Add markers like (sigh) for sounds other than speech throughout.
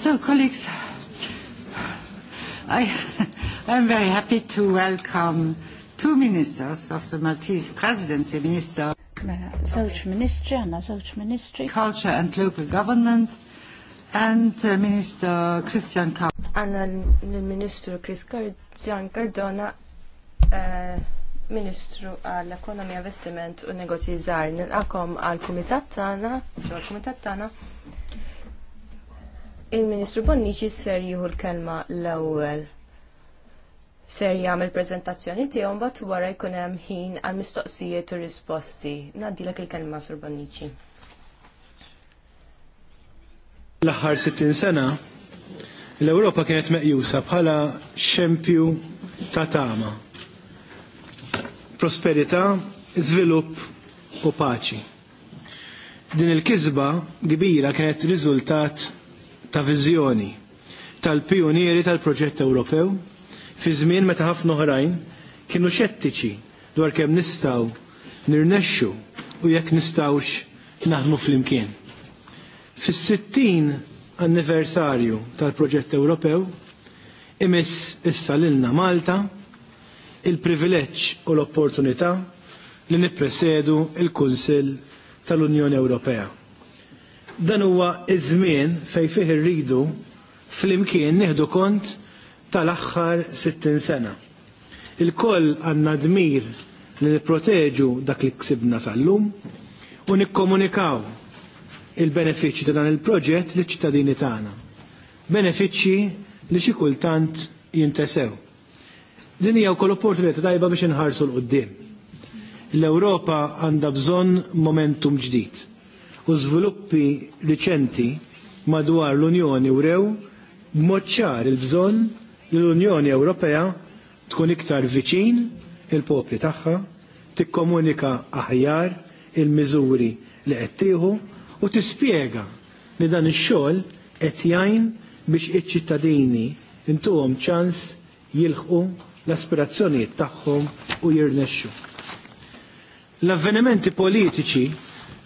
So, colleagues, I am very happy to welcome two ministers of the Maltese presidency, Minister mela, Ministry Culture and Local Government, and uh, Minister Christian Cardona. and l Minister Chris Christian Cardona, uh, Ministru għall-Ekonomija, Vestiment u Negozji Zar. għal-Kumitat tana, għal-Kumitat tana, Il-Ministru Bonnici ser jieħu l-kelma l-ewwel. Ser jagħmel preżentazzjoni tiegħu mbagħad wara jkun hemm ħin għal mistoqsijiet u risposti. Ngħaddilek il-kelma Sur Bonnici. L-aħħar 60 sena l-Ewropa kienet meqjusa bħala xempju ta' tama. Prosperità, żvilupp u paċi. Din il-kizba kbira kienet riżultat ta' viżjoni tal-pionieri tal-proġett Ewropew fi żmien meta ħafna oħrajn kienu xettiċi dwar kemm nistgħu nirnexxu u jekk nistgħux naħdmu flimkien. Fis-60 anniversarju tal-proġett Ewropew imiss issa lilna Malta il-privileġġ u l-opportunità li nippresedu il-Kunsill tal-Unjoni Ewropea dan huwa iż-żmien fej fih irridu flimkien nieħdu kont tal-aħħar 60 sena. Il-koll għandna dmir li nipproteġu dak li ksibna sal-lum u nikkomunikaw il-benefiċċji ta' dan il-proġett liċ ċittadini tagħna. Benefiċċji li xi kultant jintesew. Din hija wkoll opportunità tajba biex inħarsu l qudiem L-Ewropa għandha bżonn momentum ġdid u żviluppi riċenti madwar l-Unjoni wrew b'mod ċar il-bżonn li l-Unjoni Ewropea tkun iktar viċin il-popli tagħha, tikkomunika aħjar il-miżuri li qed tieħu u tispjega li dan ix-xogħol qed jgħin biex iċ-ċittadini intuhom ċans jilħqu l-aspirazzjonijiet tagħhom u jirnexxu. L-avvenimenti politiċi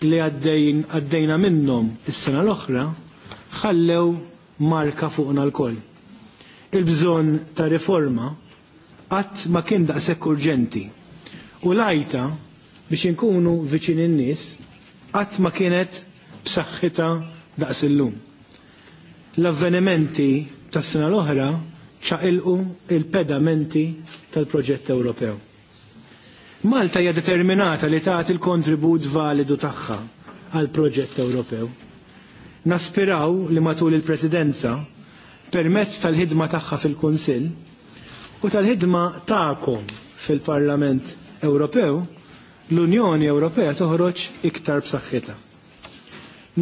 li għaddejna minnhom is-sena l-oħra ħallew marka fuqna l-koll. Il-bżonn ta' riforma qatt ma kien daqshekk urġenti. U lajta biex inkunu viċin in-nies qatt ma kienet b'saħħitha daqs illum. L-avvenimenti tas-sena l-oħra ċaqilqu il-pedamenti tal-proġett Ewropew. Malta hija determinata li tagħti il-kontribut validu tagħha għal proġett Ewropew. Naspiraw li matul il-Presidenza permezz tal-ħidma tagħha fil-Kunsill u tal-ħidma tagħkom fil-Parlament Ewropew l-Unjoni Ewropea toħroġ iktar b'saħħitha.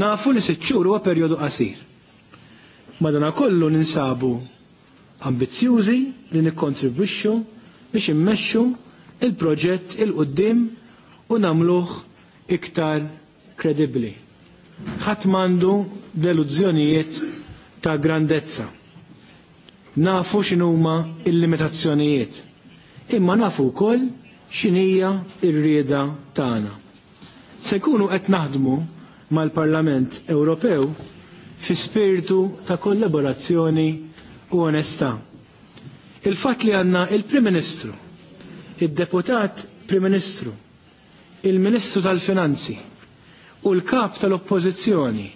Nafu li sitt xhur huwa perjodu qasir. Madanakollu ninsabu ambizzjużi li nikkontribwixxu biex immexxu il-proġett il-qoddim u namluħ iktar kredibli. Ħadd mandu deluzzjonijiet ta' grandezza. Nafu x'inhuma il-limitazzjonijiet, imma nafu wkoll x'inhija r-rieda tagħna. Se jkunu qed naħdmu mal-Parlament Ewropew fi spiritu ta' kollaborazzjoni u onestà. Il-fatt li għanna il-Prim Ministru il deputat Prim Ministru, il-Ministru tal-Finanzi u l-kap tal-Oppożizzjoni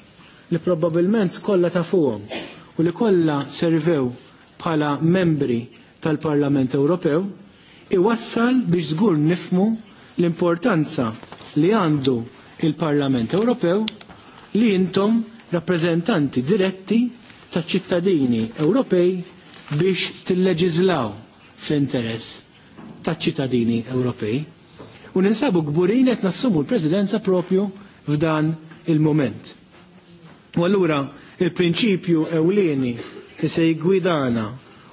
li probabbilment kollha tafuhom u li kollha servew bħala membri tal-Parlament Ewropew iwassal biex żgur nifmu l-importanza li għandu il-Parlament Ewropew li intom rappreżentanti diretti taċ ċittadini Ewropej biex tilleġizlaw fl-interess taċ-ċittadini Ewropej. U ninsabu gburin qed nassumu l-Presidenza propju f'dan il-moment. U allura il-prinċipju ewlieni li se jgwidana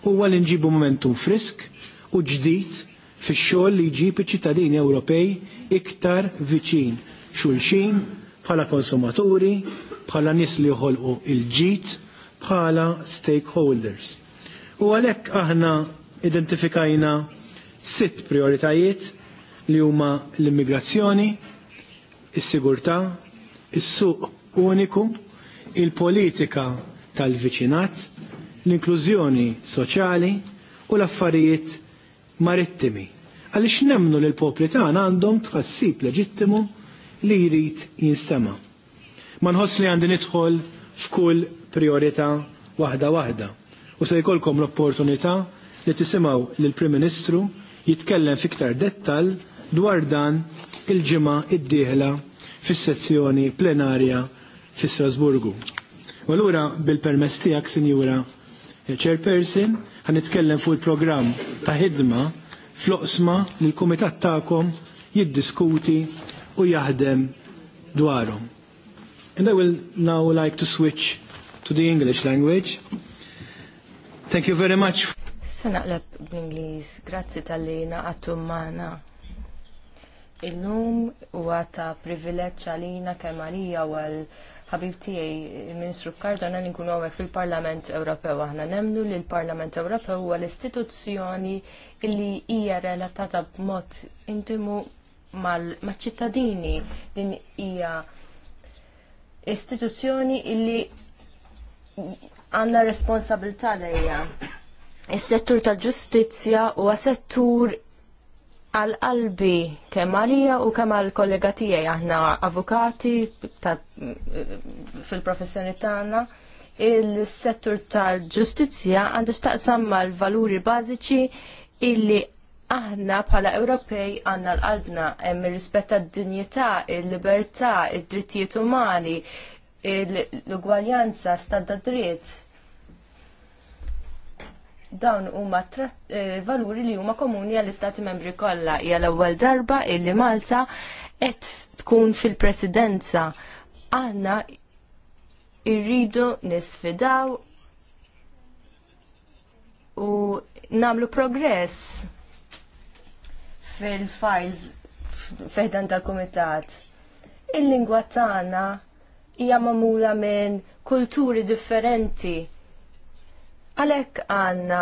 huwa li nġibu momentum frisk u ġdid fix-xogħol li jġib iċ-ċittadini Ewropej iktar viċin xulxin bħala konsumaturi, bħala nis li jħolqu il-ġit, bħala stakeholders. U għalhekk aħna identifikajna sitt prioritajiet li huma l-immigrazzjoni, is-sigurtà, is-suq uniku, il-politika tal-viċinat, l-inklużjoni soċjali u l-affarijiet marittimi. Għaliex nemnu li l-popli tagħna għandhom tħassib leġittimu li jrid jinsema. Ma nħoss li għandi nidħol f'kull priorità waħda waħda. U se jkollkom l-opportunità li tisimgħu lill-Prim Ministru jitkellem fiktar dettal dwar dan il-ġimgħa id dihla fis-sezzjoni plenarja fi Strasburgu. Walura allura bil-permess tiegħek, Sinjura Chairperson, ħan nitkellem fuq il-programm ta' ħidma floqsma li l-kumitat tagħkom jiddiskuti u jaħdem dwarhom. And I will now like to switch to the English language. Thank you very much. Se naqleb bl-Ingliż, grazzi tal-li naqattu mana. Illum huwa ta' privileġġ għalina kemm għalija u għal ħabib tiegħi il-Ministru Cardona li nkunu hawnhekk fil-Parlament Ewropew. Aħna nemnu li l-Parlament Ewropew huwa l-istituzzjoni li hija relatata b'mod intimu mal-ċittadini din hija istituzzjoni illi għanna responsabilità lejja Is-settur tal-ġustizzja huwa settur għal-qalbi kemm għalija u kemm għal-kollega tiegħi aħna avukati fil-professjoni tagħna il-settur tal-ġustizzja għandu xtaqsam mal-valuri bażiċi illi aħna bħala Ewropej għanna l-qalbna hemm ir-rispett tad-dinjità, il-libertà, id-drittijiet umani, l-ugwaljanza, stadda dritt dawn huma eh, valuri li huma komuni għall-Istati membri kollha hija l-ewwel darba illi Malta qed tkun fil-presidenza. Aħna irridu nisfidaw u namlu progress fil-files feħdan tal-komitat. Il-lingwa tagħna hija magħmula minn kulturi differenti Għalhekk għandna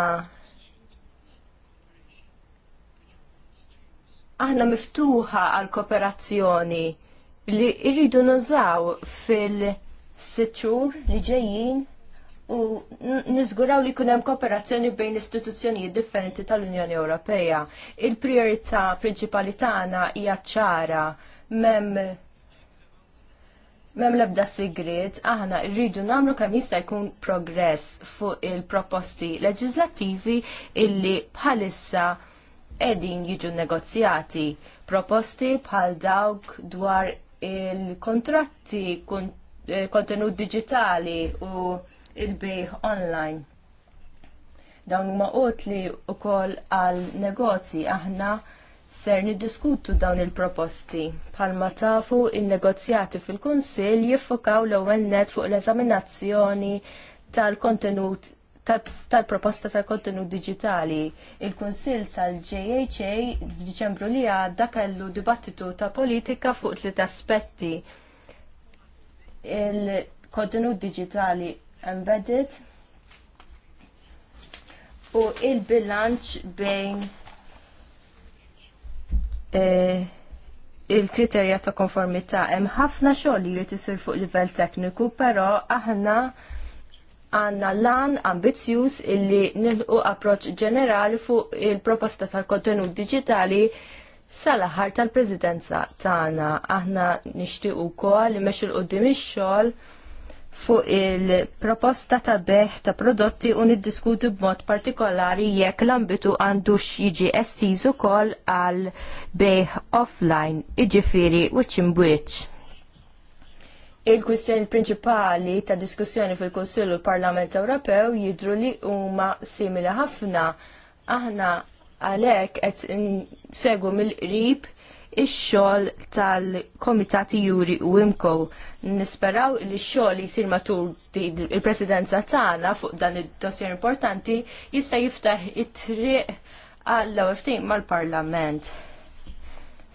għanna miftuħa għal kooperazzjoni li irridu nużaw fil-sitxur li ġejjin u nizguraw li kunem kooperazzjoni bejn istituzzjonijiet differenti tal-Unjoni Ewropea. Il-priorità prinċipali tagħna hija ċara mem Mem lebda sigrid, aħna rridu namlu kemm jista' jkun progress fuq il-proposti leġislattivi illi bħalissa edin jiġu negozjati. Proposti bħal dawk dwar il-kontratti, eh, kontenut digitali u il-bejħ online. Dawn huma qotli wkoll għal negozji aħna ser niddiskutu dawn il-proposti. Palma tafu il-negozjati fil-Kunsil jiffokaw l-ewwel net fuq l-eżaminazzjoni tal-kontenut tal-proposta tal kontenut tal proposta tal kontenut digitali. Il-Kunsil tal-JHA f'Diċembru li għadda kellu dibattitu ta' politika fuq tliet aspetti. Il-kontenut digitali embedded u il-bilanċ bejn Eh, il-kriterja ta' konformità hemm ħafna xogħol li jrid isir fuq livell tekniku, però aħna għanna lan ambizzjuż illi nilqu approċ ġenerali fuq il-proposta tal-kontenut diġitali sal-aħħar tal-Presidenza tagħna. Aħna nixtieq ukoll li mexxu l qudiem ix-xogħol fuq il-proposta ta' beħ ta' prodotti u niddiskuti b'mod partikolari jekk l-ambitu għandux jiġi estiż ukoll għal bejħ offline, iġifiri u bwiċ. Il-kwistjoni prinċipali ta' diskussjoni fil-Konsil u l-Parlament Ewropew jidru li huma simili ħafna. Aħna għalhekk qed segwu mill-qrib ix-xogħol tal-Komitati Juri u Imko. Nisperaw li x-xogħol jisir matul il-presidenza tagħna fuq dan id-dossier importanti jista' jiftaħ it-triq għall-ewwel mal-Parlament.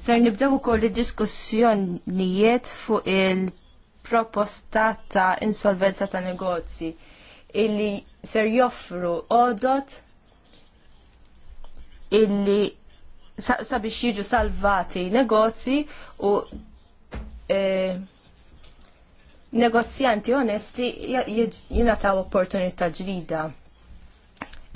Ser nibdew ukoll id-diskussjonijiet fuq il-proposta ta' insolvenza ta' negozji illi ser joffru odot illi sabiex jiġu salvati negozji u e, negozjanti onesti jingħataw opportunità ġdida.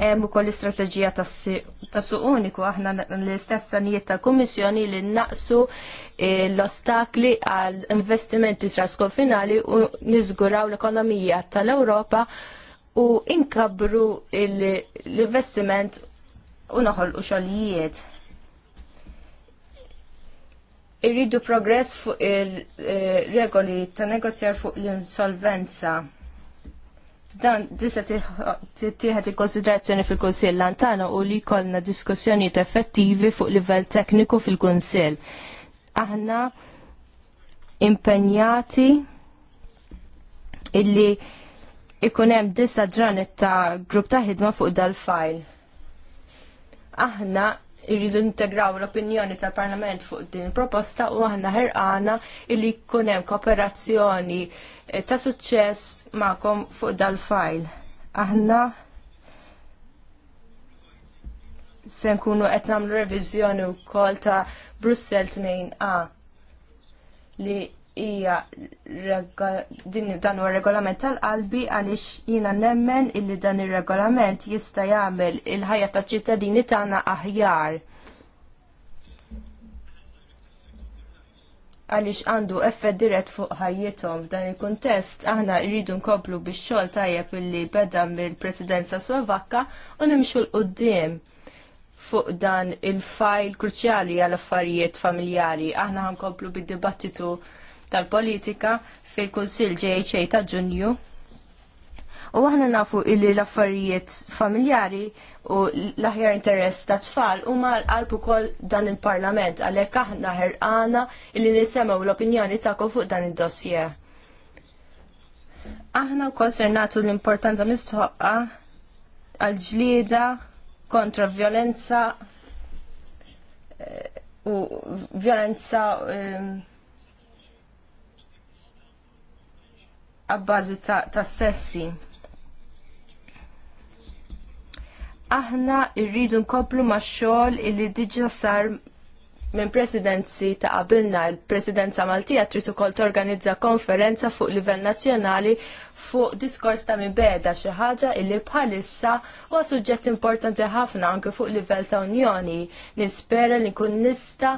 Hemm ukoll l-istrateġija ta' suq uniku aħna l istessa nijiet ta' kummissjoni li naqsu eh, l-ostakli għal investimenti trasconfinali u niżguraw l-ekonomija tal-Ewropa u inkabru l-investiment u u xogħlijiet irridu progress fuq ir-regoli eh, ta' negozjar fuq l-insolvenza dan disa tieħed il-konsiderazzjoni fil-Kunsill lantana u li kollna diskussjonijiet effettivi fuq livell tekniku fil-Kunsill. Aħna impenjati illi ikun hemm disa ġranet ta' grupp ta' ħidma fuq dal-fajl. Aħna irridu integraw l-opinjoni tal-Parlament fuq din proposta u għanna ħerqana illi kunem kooperazzjoni eh, ta' suċċess ma'kom fuq dal-fajl. Aħna se nkunu qed nagħmlu reviżjoni wkoll ta' Brussel 2A li hija din dan huwa regolament tal-qalbi għaliex jiena nemmen illi dan ir-regolament jista' jagħmel il-ħajja taċ-ċittadini tagħna aħjar. għaliex għandu effett dirett fuq ħajjithom f'dan il-kuntest aħna rridu nkomplu bix xogħol tajjeb illi beda mill-Presidenza Slovakka u nimxu l-qudiem fuq dan il-fajl kruċjali għal affarijiet familjari. Aħna ħankomplu bid-dibattitu tal-politika fil-Kunsill JHA ta' Ġunju. U aħna nafu illi l-affarijiet familjari u l-aħjar interess ta' tfal u ma għalbu kol dan il-parlament għalek aħna ħerqana illi nisemaw l-opinjoni ta' fuq dan il-dossier. Aħna u konsernatu l-importanza mistħoqqa għal-ġlida kontra violenza eh, u violenza um, għabbażi ta' sessi. Aħna rridu nkomplu ma' xogħol illi diġa sar minn presidenzi ta' qabilna il-presidenza Maltija trid ukoll torganizza konferenza fuq livell nazzjonali fuq diskors ta' beda xi ħaġa illi bħalissa huwa suġġett importanti ħafna anke fuq livell ta' Unjoni. Nispera li nkun nista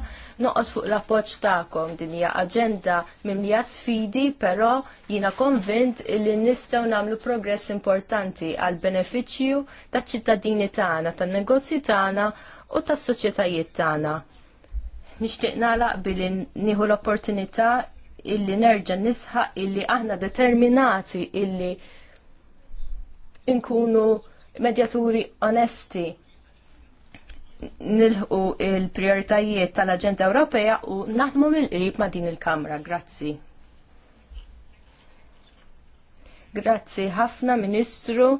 noqgħod fuq l-appoġġ tagħkom din hija aġenda mimlija sfidi, però jiena konvint illi nistgħu nagħmlu progress importanti għal benefiċċju taċ-ċittadini tagħna, tan-negozji tagħna u tas-soċjetajiet tagħna Nixtieq nagħlaq billi nieħu l-opportunità illi nerġa' nisħaq illi aħna determinati illi inkunu medjaturi onesti nilħu il-prioritajiet tal-Aġenda Ewropea u naħdmu mill-qrib ma' din il-Kamra. Grazzi. Grazzi ħafna Ministru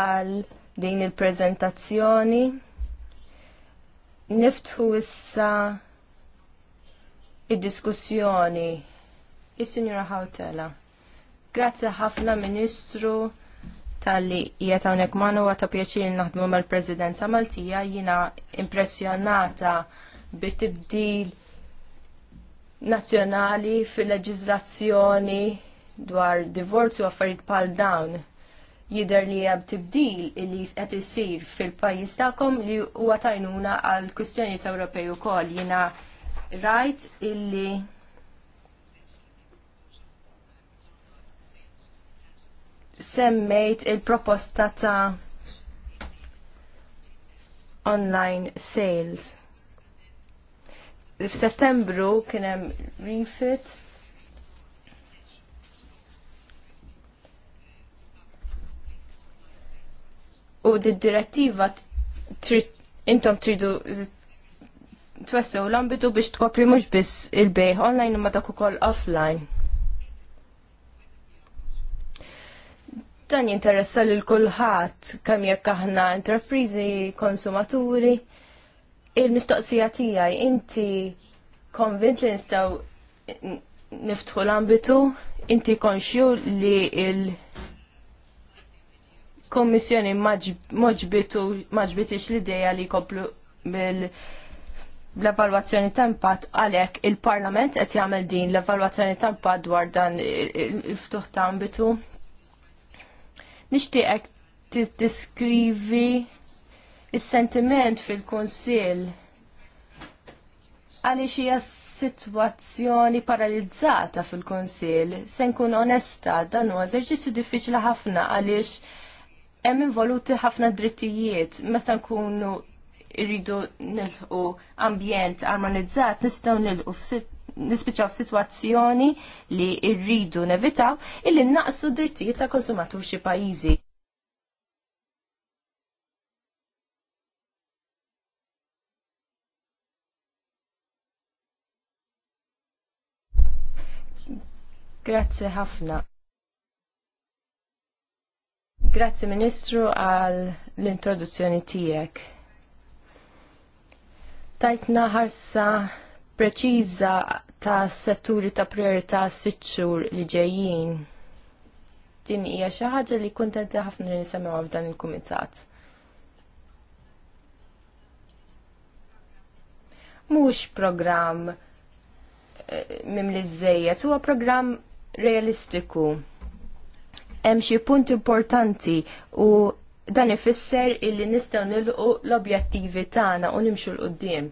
għal din il-prezentazzjoni niftħu issa id-diskussjoni. Is-Sinjura Hawtela. Grazzi ħafna Ministru tal-li jiet hawnhekk manu ta' pjaċir naħdmu mal-Presidenza Maltija jiena impressjonata bit-tibdil nazzjonali fil-leġiżlazzjoni dwar divorzju affarijiet bħal dawn jider li hemm tibdil li qed isir fil-pajjiż tagħkom li huwa tajnuna għal kwistjonijiet Ewropej ukoll jiena rajt illi semmejt il-proposta ta' online sales. F'Settembru kien hemm refit u d-direttiva intom tridu twessu l-ambitu biex tkopri mhux biss il-bejħ online imma dak ukoll offline. Dan jinteressa lil kulħadd kemm jekk aħna intrapriżi, konsumaturi. Il-mistoqsija tiegħi inti konvint li nistgħu niftħu l-ambitu, inti konxju li il- il-Kommissjoni maġbitix l-ideja li koplu bil- l-evalwazzjoni ta' għalhekk il-Parlament qed jagħmel din l-evalwazzjoni tempat dwar dan il-ftuħ ta' ambitu. Nixtieqek tiddeskrivi is-sentiment fil-Kunsill għaliex hija sitwazzjoni paralizzata fil-Kunsill. Se nkun onesta dan huwa eżerċizzju diffiċli ħafna għaliex hemm involuti ħafna drittijiet meta nkunu irridu nilħu ambjent armonizzat nistgħu nilħu nispiċaw situazzjoni li irridu nevitaw illi naqsu drittijiet ta' konsumatur xi pajjiżi. Grazie ħafna. Grazzi Ministru għal l-introduzzjoni tijek. Tajtna ħarsa preċiża ta' setturi ta' priorità siċċur li ġejjin. Din hija xi ħaġa li kuntenti ħafna li nisemgħu f'dan il-kumitat. Mhux programm eh, mimli żejjed, huwa programm realistiku hemm xi punt importanti u dan ifisser illi nistgħu nilqu l-objettivi tagħna u nimxu l qudiem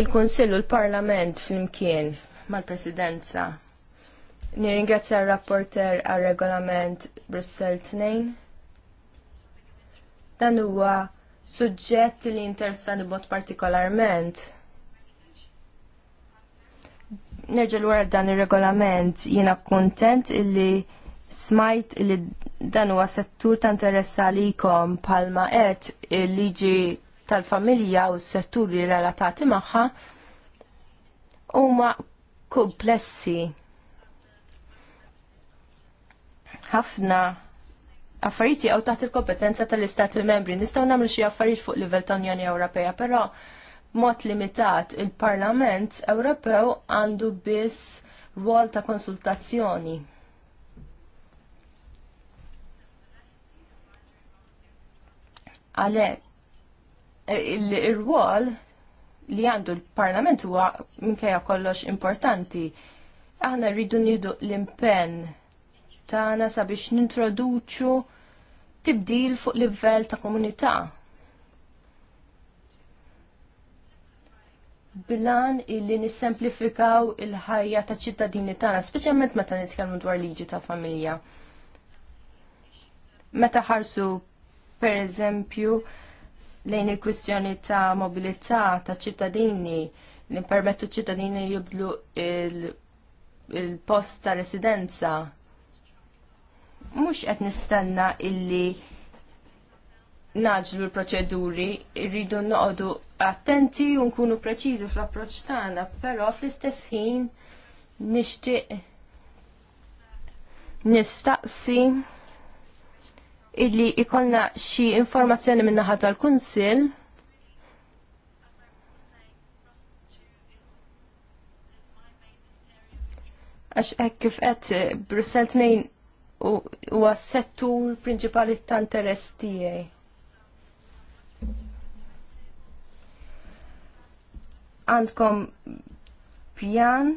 Il-Kunsill u l-Parlament flimkien mal-Presidenza nirringrazzja r-rapporter għal regolament Brussel 2. Dan huwa suġġett li interessani b'mod partikolarment nerġel wara dan ir-regolament jiena kuntent illi smajt illi dan huwa settur ta' li kom palma et il-liġi tal-familja u s-setturi relatati magħha huma komplessi. Ħafna affarijiet għaw taħt il-kompetenza tal-Istati membri. Nistgħu nagħmlu xi affarijiet fuq livell ta' Unjoni Ewropea, però mod limitat il-Parlament Ewropew għandu biss rwol ta' konsultazzjoni. Għalhekk il-rwol li għandu l-Parlament huwa minkejja kollox importanti. Aħna rridu nieħdu l-impenn tagħna sabiex nintroduċu tibdil fuq livell ta' komunità bilan illi nissemplifikaw il-ħajja ta' ċittadini tagħna, speċjalment meta nitkellmu dwar liġi ta' familja. Meta ħarsu per eżempju lejn il-kwistjoni ta' mobilità ta' ċittadini li permettu ċittadini jibdlu il-post il ta' residenza. Mhux qed nistenna illi naġlu l-proċeduri, irridu noqogħdu attenti u nkunu preċiżi fl-approċċ tagħna, però fl-istess ħin nixtieq nistaqsi illi ikollna xi informazzjoni minn naħa tal-Kunsill għax hekk kif qed eh, Brussell tnejn huwa s-settur prinċipali ta' interess tiegħi għandkom pjan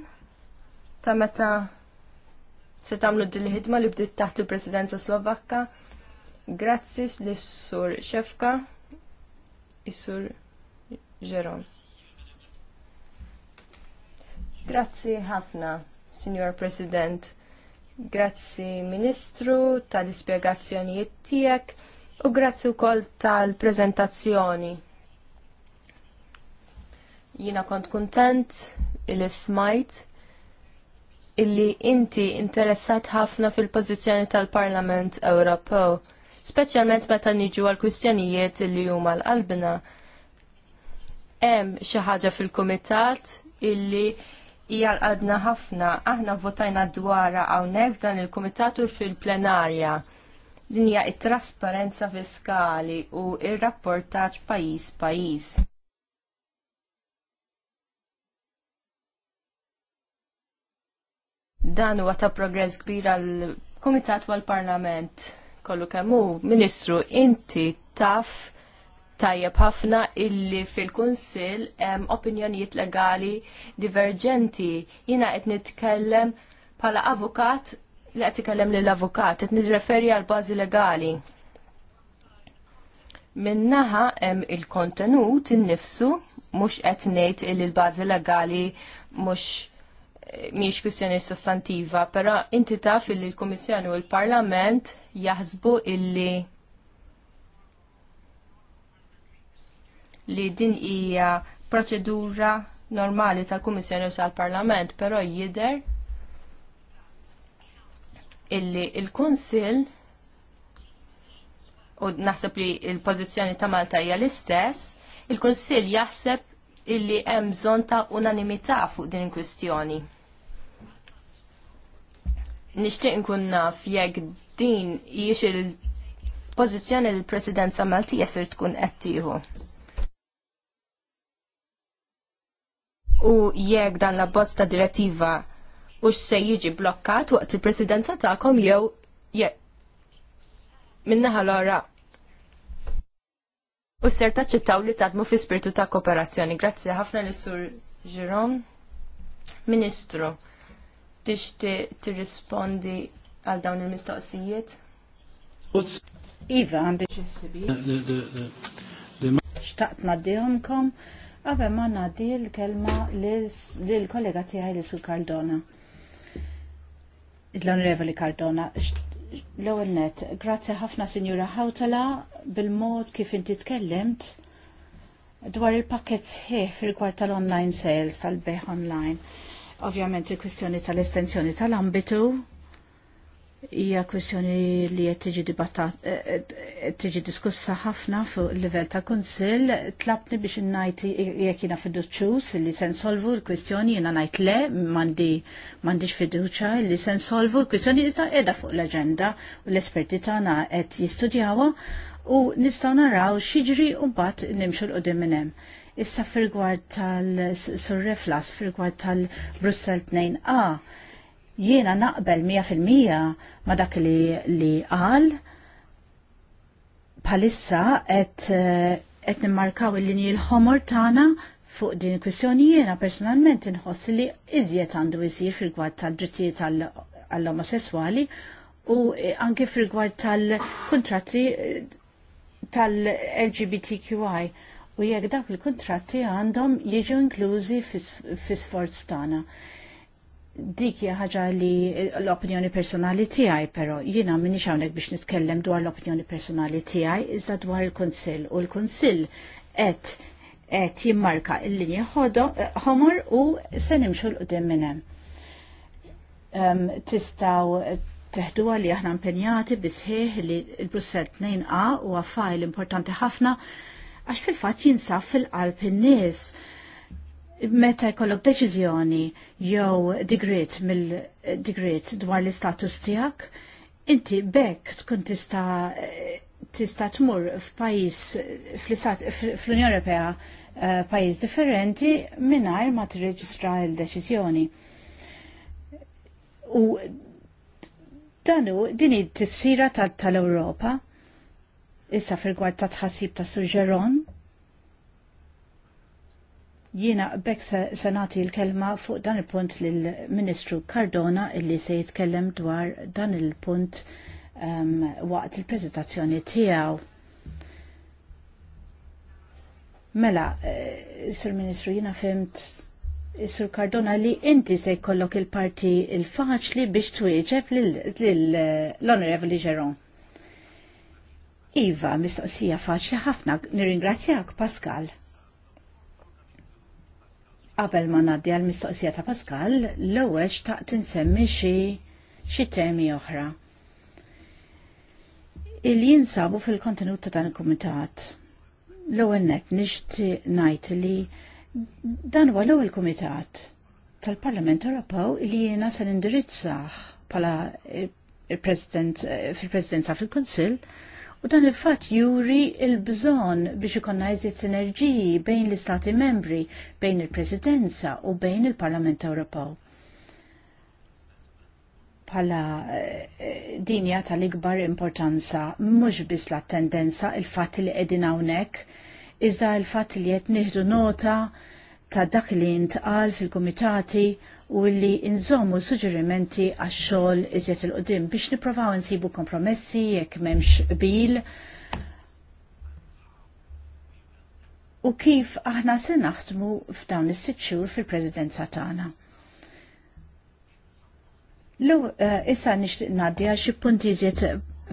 ta' meta se tagħmlu din il-ħidma li bdiet taħt il-Presidenza Slovakka. Grazzi lis-Sur Xefka, is-Sur Ġerom. Grazzi ħafna, Signor President. Grazzi Ministru tal-ispjegazzjonijiet tiegħek u grazzi wkoll tal-preżentazzjoni. Jina kont kontent il smajt illi inti interessat ħafna fil-pozizjoni tal-Parlament Ewropew, speċjalment meta niġu għal kwistjonijiet illi huma l-qalbna. Hemm xi ħaġa fil-kumitat illi hija l-qalbna ħafna, aħna votajna dwarha hawnhekk f'dan il-kumitat u fil-plenarja. Din hija t trasparenza fiskali u r rapportaġġ pajjiż pajjiż. Dan huwa ta' progress kbir għal Kumitat għal Parlament kollu kemm hu. Ministru, inti taf tajjeb ħafna illi fil-Kunsill hemm opinjonijiet legali diverġenti. Jiena qed nitkellem bħala avukat li qed ikellem lill avukat qed nirreferi għal bażi legali. Minnaħa hemm il-kontenut innifsu mhux qed ngħid li l-bażi legali mhux miex kwistjoni sostantiva, però inti taf illi l-Kummissjoni u l-Parlament jaħsbu illi li din hija proċedura normali tal-Kummissjoni u tal-Parlament, però jider illi il-Kunsill u naħseb li l-pożizzjoni ta' Malta hija l-istess, il-Kunsill jaħseb illi hemm bżonn ta' unanimità fuq din il-kwistjoni nixtieq nkun naf jekk din hijiex il-pożizzjoni l presidenza Maltija ser tkun qed tieħu. U jekk dan la bosta direttiva u se jiġi blokkat waqt il-presidenza tagħkom jew minnaħa l-ora u ser taċċettaw li tadmu fi spiritu ta' kooperazzjoni. Grazzi ħafna li sur Jerome, Ministru tixtieq tirrispondi għal dawn il-mistoqsijiet? Iva, għandi ċessibi. Xtaqt naddihomkom, għabe ma naddi l-kelma l-kollega tijaj li su Cardona. L-onorevoli Cardona, l net, grazie ħafna Sinjura Hawtala bil-mod kif inti tkellimt dwar il-pakket sħiħ fil-kwart tal-online sales tal-beħ online. Ovvjament il-kwistjoni tal-estensjoni tal-ambitu hija kwistjoni li qed tiġi eh, eh, eh, diskussa ħafna fuq livell ta' kunsill. Tlabni biex ngħid jekk jiena fiduċjuż li se nsolvu l-kwistjoni jiena ngħid le m'għandi m'għandix fiduċja li se nsolvu l-kwistjoni ta' qiegħda fuq l-aġenda u l-esperti tagħna qed jistudjawha u nistgħu naraw x'jiġri u mbagħad nimxu l-qudiem minn hemm Issa fil-gward tal-surreflas, fil-gward tal-Brussel 2A, jiena naqbel 100% ma dak li, li għal palissa et, et nimmarkaw il-linji l-ħomor tana fuq din kwistjoni jiena personalment nħoss li iżjed għandu jisir fil-gward tal-drittijiet għall-omosessuali u anke fil-gward tal-kontratti tal-LGBTQI u jekk dak il-kontratti għandhom jiġu inklużi fis sforz tagħna. Dik hija ħaġa li l-opinjoni personali tiegħi però jiena m'iniex hawnhekk biex nitkellem dwar l-opinjoni personali tiegħi iżda dwar il-Kunsill u l-Kunsill qed qed jimmarka l-linji ħomor u se nimxu l-qudiem minn hemm. Ehm, Tistgħu teħdu li aħna impenjati bisħieħ li l brussett 2A huwa fajl importanti ħafna għax fil-fatt jinsaf fil-qalb in-nies meta jkollok deċiżjoni jew digrit mill-digrit dwar l-istatus tiegħek, inti bekk tkun tista' tista' tmur f'pajjiż fl-Unjoni Ewropea eh, pajjiż differenti mingħajr ma tirreġistra l-deċiżjoni. U danu din it-tifsira tal-Ewropa. tal tal ewropa Issa fil-gwad ta' tħassib ta' suġġeron. Jiena bekk se nagħti l-kelma fuq dan il-punt lill-Ministru Cardona illi se jitkellem dwar dan il-punt um, waqt il-preżentazzjoni tiegħu. Mela, eh, Sir Ministru, jiena fimt Sir Cardona li inti se jkollok il-parti il-faċli biex twieġeb eh, l-Onorevoli Ġeron. Iva, mistoqsija faċli ħafna, nirringrazzjak Pascal. Qabel ma ngħaddi għal mistoqsija ta' Pascal, l-ewwel xtaqt insemmi xi xi temi oħra. Illi jinsabu fil-kontenut ta' dan il-kumitat. L-ewwel net nixtieq ngħid li dan huwa l-ewwel kumitat tal-Parlament Ewropew li jiena se nindirizzah bħala il-President eh, fil-Presidenza fil-Kunsill. fil presidenza fil kunsill U dan il-fat juri il-bżon biex ikonna jżid sinerġiji bejn l-Istati membri, bejn il-Presidenza u bejn il-Parlament Ewropew. Pala eh, eh, dinja tal-ikbar importanza mhux biss la tendenza il fat li qegħdin hawnhekk, iżda il-fatt li qed nieħdu nota ta' dak li intqal fil-komitati u li inżommu suġġerimenti għax xogħol iżjed il-qudiem biex nipprovaw nsibu kompromessi jekk m'hemmx bil. U kif aħna se naħdmu f'dawn is-sitt xhur fil-Presidenza tagħna. Lu eh, issa nixtieq ngħaddi għal xi punti iżjed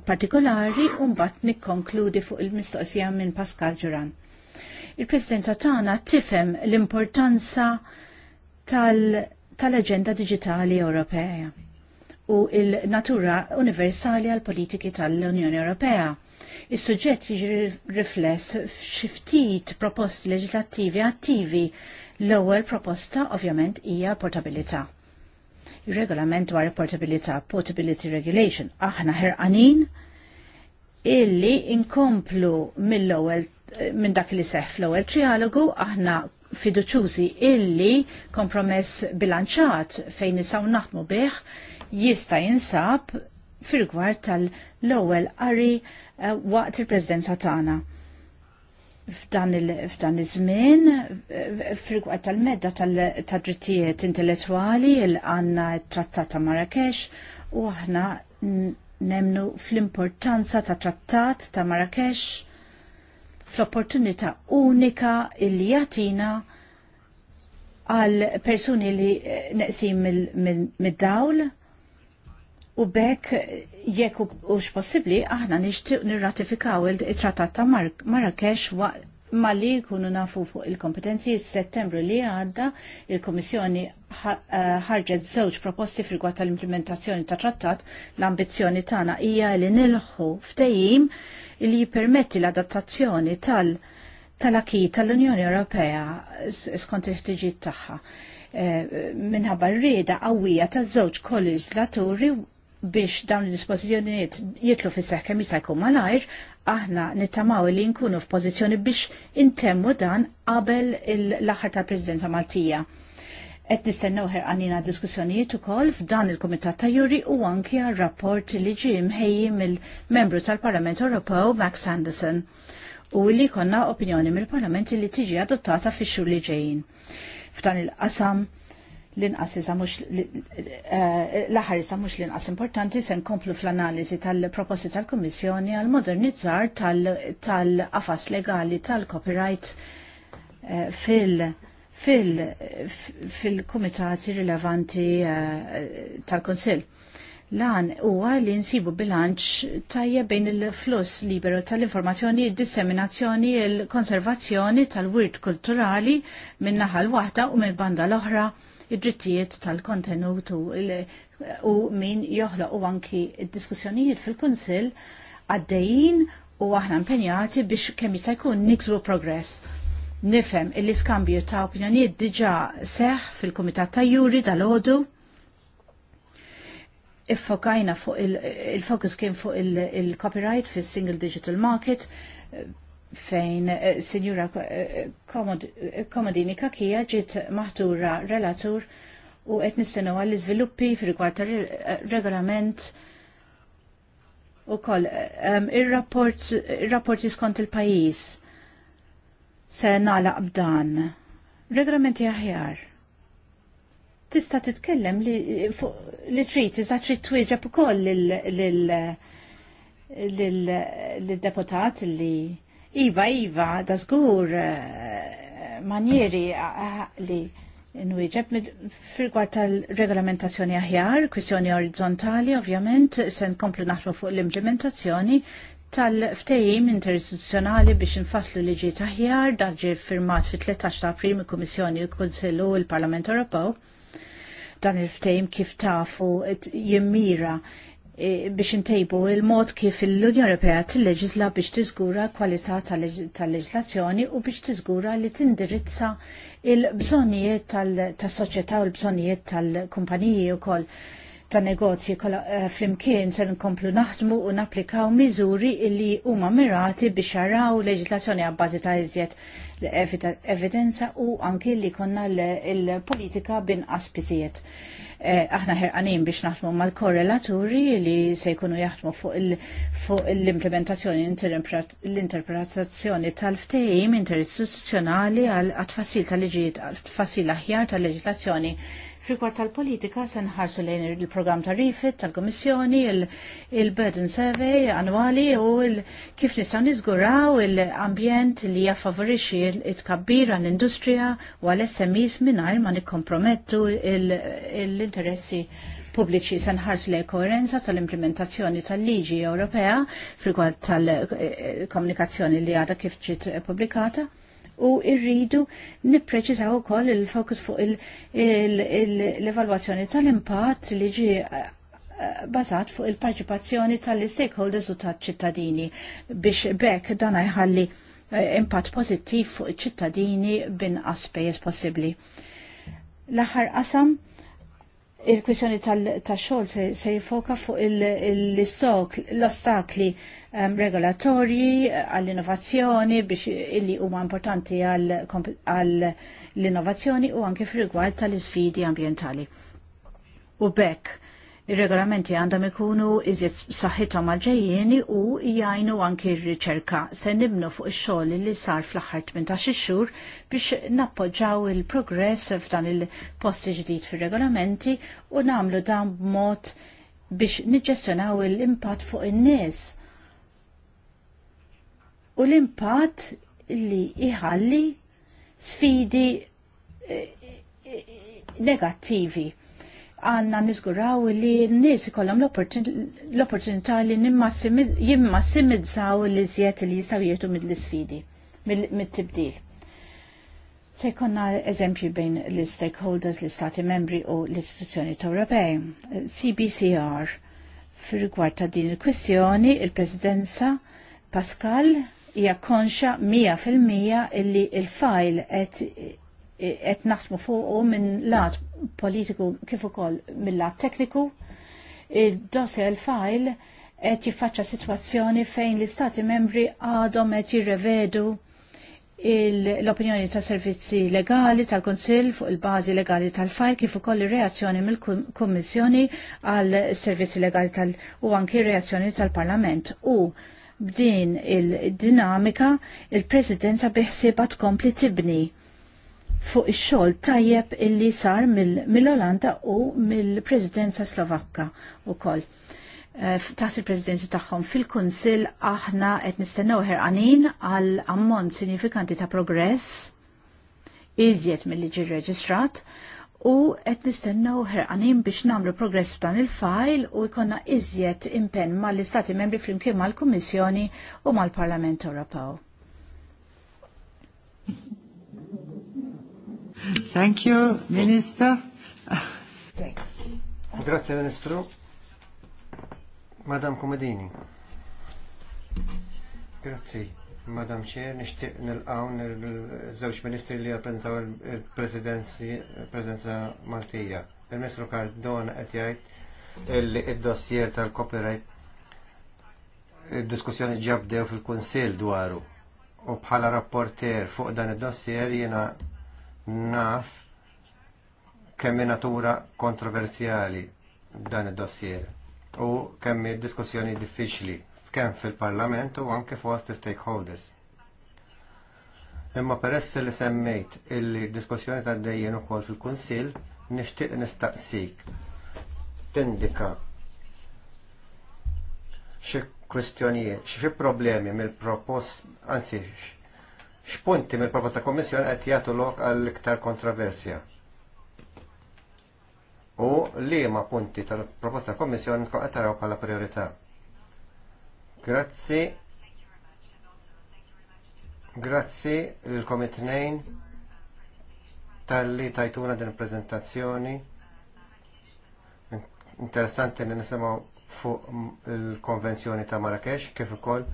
partikolari u mbagħad nikkonkludi fuq il-mistoqsija minn Pascal Ġuran il-presidenza tagħna tifhem l-importanza tal-Aġenda tal Digitali Ewropea u il-natura universali għal politiki tal-Unjoni Ewropea. Is-suġġett jiġi rifless f'xi ftit proposti leġislattivi attivi l-ewwel proposta ovvjament hija portabilità. Il-regolament dwar portabilità, portability regulation, aħna ħerqanin illi inkomplu mill-ewwel minn dak li seħ fl-ewwel trialogu aħna fiduċużi illi kompromess bilanċat fejn nisaw naħdmu bih jista' jinsab fil-gwar tal-ewwel qari eh, waqt il-Presidenza tagħna. F'dan iż-żmien, eh, fil tal-medda tad-drittijiet intellettwali il għanna t-Trattat ta' Marrakesh u aħna nemnu fl-importanza ta' Trattat ta' Marrakesh fl-opportunità unika li jatina għal persuni li eh, neqsim mid-dawl u bekk jekk u possibbli aħna nixtieq nirratifikaw il-Trattat ta' Marrakesh ma li kunu nafu fuq il-kompetenzi settembru li għadda il-Komissjoni eh, ħarġet żewġ proposti fil tal-implementazzjoni ta' trattat l-ambizzjoni tagħna hija li nilħu ftehim li jipermetti l-adattazzjoni tal- tal-aki tal-Unjoni Ewropea skont il-ħtiġijiet tagħha eh, minħabba rrieda qawwija taż-żewġ kolleġlaturi biex dawn il-dispożizzjonijiet jitlu fis seħħ kemm jista' jkun malajr, aħna nittamaw li nkunu f'pożizzjoni biex intemmu dan qabel l-aħħar tal-Presidenza Maltija. Et nistennew ħerqanina diskussjonijiet ukoll f'dan il-Kumitat ta' Juri u anki għal-rapport li ġie mħejji mill-membru tal-Parlament Ewropew Max Anderson u li konna opinjoni mill-Parlament li tiġi adottata fi xhur li ġejjin. F'dan il-qasam l-inqas isa mhux eh, l-aħħar mhux l-inqas importanti se nkomplu fl-analiżi tal-proposti tal-Kummissjoni għal modernizzar tal-qafas legali tal-copyright eh, fil- fil-komitati rilevanti eh, tal-Konsil. Lan huwa li nsibu bilanċ tajja bejn il-fluss liberu tal-informazzjoni, disseminazzjoni, il-konservazzjoni tal-wirt kulturali minn naħal waħda u minn banda l-oħra id-drittijiet tal-kontenut u min joħloq u anki id-diskussjonijiet fil-Kunsill għaddejjin u aħna impenjati biex kemm jista' jkun niksbu progress nifem il-iskambju ta' opinjoniet diġa seħ fil-Komitat ta' Juri dal-ħodu. Iffokajna fuq il-fokus kien fuq il-copyright fil single digital market fejn eh, Signora Komodini eh, eh, Kakija ġiet maħtura relatur u qed nistennew għall-iżviluppi firigward rigward regolament u koll um, il-rapport il skont il pajjiż se nagħlaq b'dan. Regolamenti aħjar. Tista' titkellem li li trid iżda trid twieġeb ukoll lill-deputat li iva iva da żgur eh, manjeri eh, li Nwieġeb fil-gwar tal-regolamentazzjoni aħjar, kwistjoni orizzontali, ovvjament, se nkomplu naħlu fuq l-implementazzjoni tal-ftejim interistituzzjonali biex nfasslu liġi taħjar daġi firmat fit-13 ta' prim il-Kummissjoni il-Kunsillu u l-Parlament Ewropew. Dan il-ftejim kif tafu jimmira e, biex intejbu il-mod kif l-Unjoni Ewropea tilleġisla biex tiżgura kwalità tal-leġislazzjoni u biex tiżgura li tindirizza il-bżonijiet tas-soċjetà u l-bżonijiet tal-kumpaniji wkoll. koll ta' negozji eh, flimkien se nkomplu naħdmu u napplikaw miżuri li huma mirati biex jaraw leġislazzjoni għabbażi ta' iżjed evidenza u anki li konna l-politika bin biżiet. Eh, aħna ħerqanin biex naħdmu mal-korrelaturi li se jkunu jaħdmu fuq l-implementazzjoni l-interpretazzjoni tal-ftehim interistituzzjonali għal tfassil tal-liġijiet, tfassil aħjar tal-leġislazzjoni Frikwar tal-politika se nħarsu lejn il-programm ta' rifit tal-Komissjoni, il-Burden Survey annwali u kif nistgħu niżguraw l-ambjent li jaffavorixxi it tkabbir għall-industrija u għall-SMEs mingħajr ma nikkompromettu l-interessi pubbliċi se nħarsu lejn koerenza tal-implementazzjoni tal-liġi Ewropea frigward tal-komunikazzjoni eh, li għadha kif ġiet pubblikata u irridu nippreċizaw ukoll il-fokus fuq l-evalwazzjoni tal-impatt li ġi eh, bazat fuq il-parċipazzjoni tal-stakeholders u tal-ċittadini biex bekk dan jħalli eh, impatt pozittiv fuq iċ-ċittadini bin aspejjeż possibbli. L-aħħar qasam il-kwissjoni tax-xogħol se jifoka fuq l-istok, l-ostakli um, regolatorji għall-innovazzjoni biex illi huma importanti għall-innovazzjoni u anke fil-rigward tal-isfidi ambientali. U bekk, Ir-regolamenti għandhom ikunu iżjed saħħithom għal-ġejjieni u jgħinu anki r-riċerka se nibnu fuq ix-xogħol li sar fl-aħħar 18 xhur biex nappoġġaw il-progress f'dan il-posti ġdid fir-regolamenti u nagħmlu dan b'mod biex niġġestjonaw l-impatt fuq in-nies u l-impatt li iħalli sfidi eh, eh, negattivi. Għanna nizguraw li n-nis kollam l-opportunità li jimmassimizzaw li zjet li jistaw jietu mill-sfidi, mid tibdil Se konna eżempju bejn l-stakeholders, l-Stati membri u l-istituzzjoni Ewropej. CBCR, fir rigward ta' din il-kwistjoni, il-Presidenza Pascal hija konxa 100% illi il-fajl qed qed naħdmu fuqu minn lat politiku kif ukoll mill-lat tekniku. Il-dosel file qed jiffaċċa sitwazzjoni fejn l-istati membri għadhom qed jirrevedu l-opinjoni ta' servizzi legali tal-Konsil fuq il-bażi legali tal-fajl kif ukoll ir-reazzjoni mill-Kummissjoni għal servizzi legali tal- u anki reazzjoni tal-Parlament u B'din il-dinamika il-presidenza biħsiba tkompli tibni fuq ix-xogħol tajjeb illi sar mill-Olanda u mill-Presidenza Slovakka wkoll. Eh, taħs il presidenza tagħhom fil-Kunsill aħna qed nistennew ħerqanin għal ammont sinifikanti ta' progress iżjed mill-li ġi reġistrat u qed nistennew ħerqanin biex nagħmlu progress f'dan il-fajl u jkollna iżjed impenn mal-Istati Membri flimkien mal-Kummissjoni u mal-Parlament Ewropew. Thank you, Minister. Grazie, Ministru. Madam Comedini. Grazie. Madam Chair, nishtiq nil-għawn il-żewġ ministri li għapentaw il-prezidenza Maltija. Il-Ministru Cardona qed jgħid id dossier tal-copyright il-diskussjoni ġabdew fil kunsil dwaru. U bħala rapporter fuq dan id-dossier jiena naf kemmi natura kontroversjali dan id-dossier u kemm diskussjoni diffiċli kemm fil-Parlament u anke fost stakeholders. Imma peress li semmejt il-diskussjoni ta' dejjen ukoll fil-Kunsill, nixtieq nistaqsik tindika xi kwestjonijiet, xi problemi mill-propost, anzi x'punti mill-proposta Kommissjoni qed jagħtu lok għal iktar kontroversja. U liema punti tal-proposta Kommissjoni qed taraw bħala priorità. Grazzi. Grazzi lilkom it-tnejn tal-li tajtuna din prezentazzjoni. Interessanti li nisimaw fuq il-konvenzjoni ta' Marrakesh kif ukoll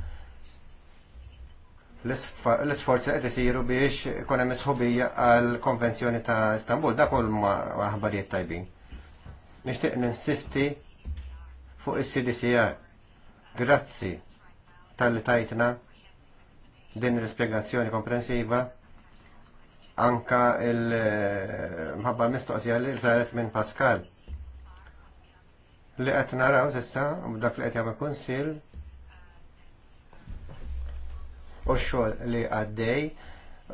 l-isforzi qed isiru biex ikun hemm isħubija għall konvenzjoni ta' Istanbul, dak huma aħbarijiet tajbin. Nixtieq ninsisti fuq is-CDCR. Grazzi tal-li tajtna din l-spiegazzjoni komprensiva anka il-mħabba mistoqsija li saret minn Pascal li qed naraw sista u dak li qed jagħmel konsil. u xogħol li għaddej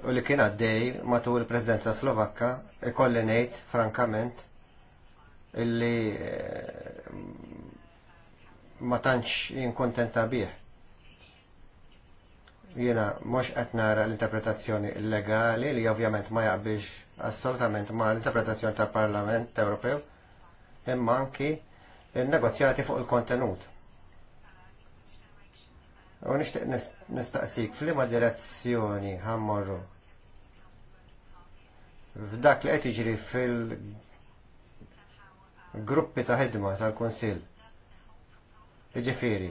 u li kien għaddej matul il-Presidenza Slovakka ikolli ngħid frankament illi eh, ma tantx jien bih. Jiena mhux qed nara l-interpretazzjoni legali li ovvjament ma jaqbilx assolutament ma l-interpretazzjoni tal-Parlament Ewropew imma anki il-negozjati fuq il-kontenut. U nixtieq nistaqsik f'liema direzzjoni ħammorru f'dak li qed jiġri fil-gruppi ta' ħidma tal-Kunsill Jiġifieri,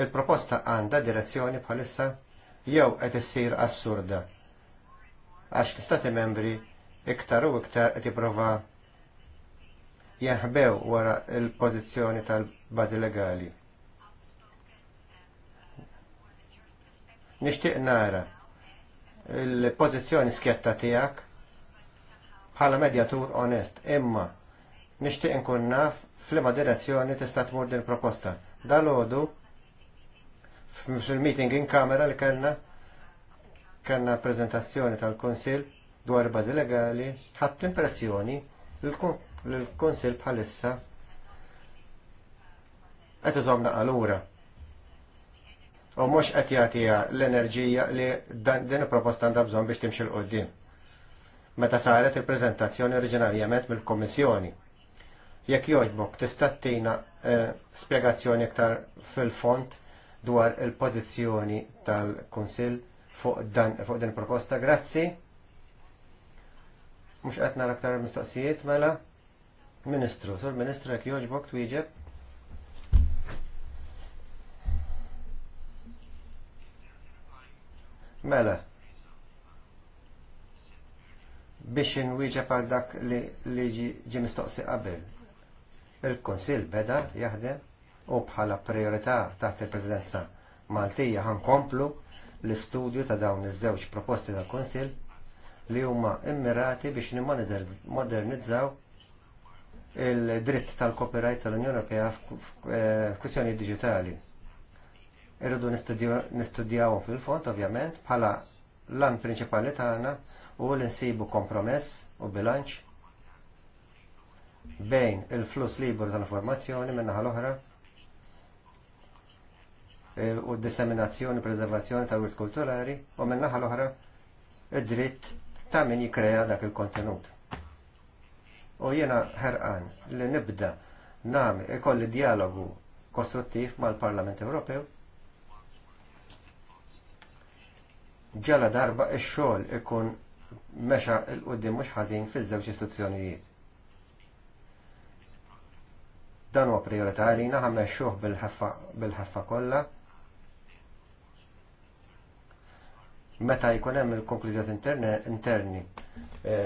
il-proposta għandha direzzjoni bħalissa jew qed issir assurda għax l-istati membri iktar u iktar qed jipprova jaħbew wara l-pożizzjoni tal-bażi legali. Nixtieq nara il-pożizzjoni skjetta tiegħek bħala medjatur onest, imma nixtieq nkun naf flima direzzjoni tista' tmur din proposta. Dalodu fil-meeting in kamera li kellna kellna preżentazzjoni tal-Konsil dwar bażi legali ħadd l-impressjoni l-Konsil bħalissa qed iżomna lura. U mhux qed jagħtiha l-enerġija li din il-proposta għandha bżonn biex timxi l-qoddim meta saret il preżentazzjoni oriġinarjament mill-Kommissjoni. Jekk jogħġbok tista' tina eh, spjegazzjoni aktar fil-font dwar il-pożizzjoni tal-Kunsill fuq dan fuq din proposta. Grazzi. Mhux qed nara aktar mistoqsijiet mela. Ministru, sur Ministru jekk jogħġbok twieġeb. Mela, biex inwieġeb għal dak li ġi mistoqsi qabel il-Konsil beda jaħdem u bħala priorità taħt il-Presidenza Maltija ħankomplu l-istudju ta' dawn iż-żewġ proposti tal-Konsil li huma immirati biex nimmodernizzaw il-dritt tal-copyright tal-Unjoni Ewropea f'kwistjoni diġitali. Irridu nistudjaw fil-fond, ovvjament, bħala l-an prinċipali tagħna u l-insibu kompromess u bilanċ bejn il-flus libur tal-informazzjoni min-naħa l-oħra eh, u disseminazzjoni, preservazzjoni tal wirt kulturali u min-naħa l-oħra id-dritt ta' min jikreja dak il-kontenut. U jena ħerqan li nibda nam ikolli dialogu kostruttiv mal-Parlament Ewropew ġala darba ix-xogħol ikun mexa il qudiem mhux ħażin fiż-żewġ istituzzjonijiet. Dan huwa priorità għalina ħammexxuh bil-ħaffa kollha. Meta jkun hemm il-konklużjat interni eh,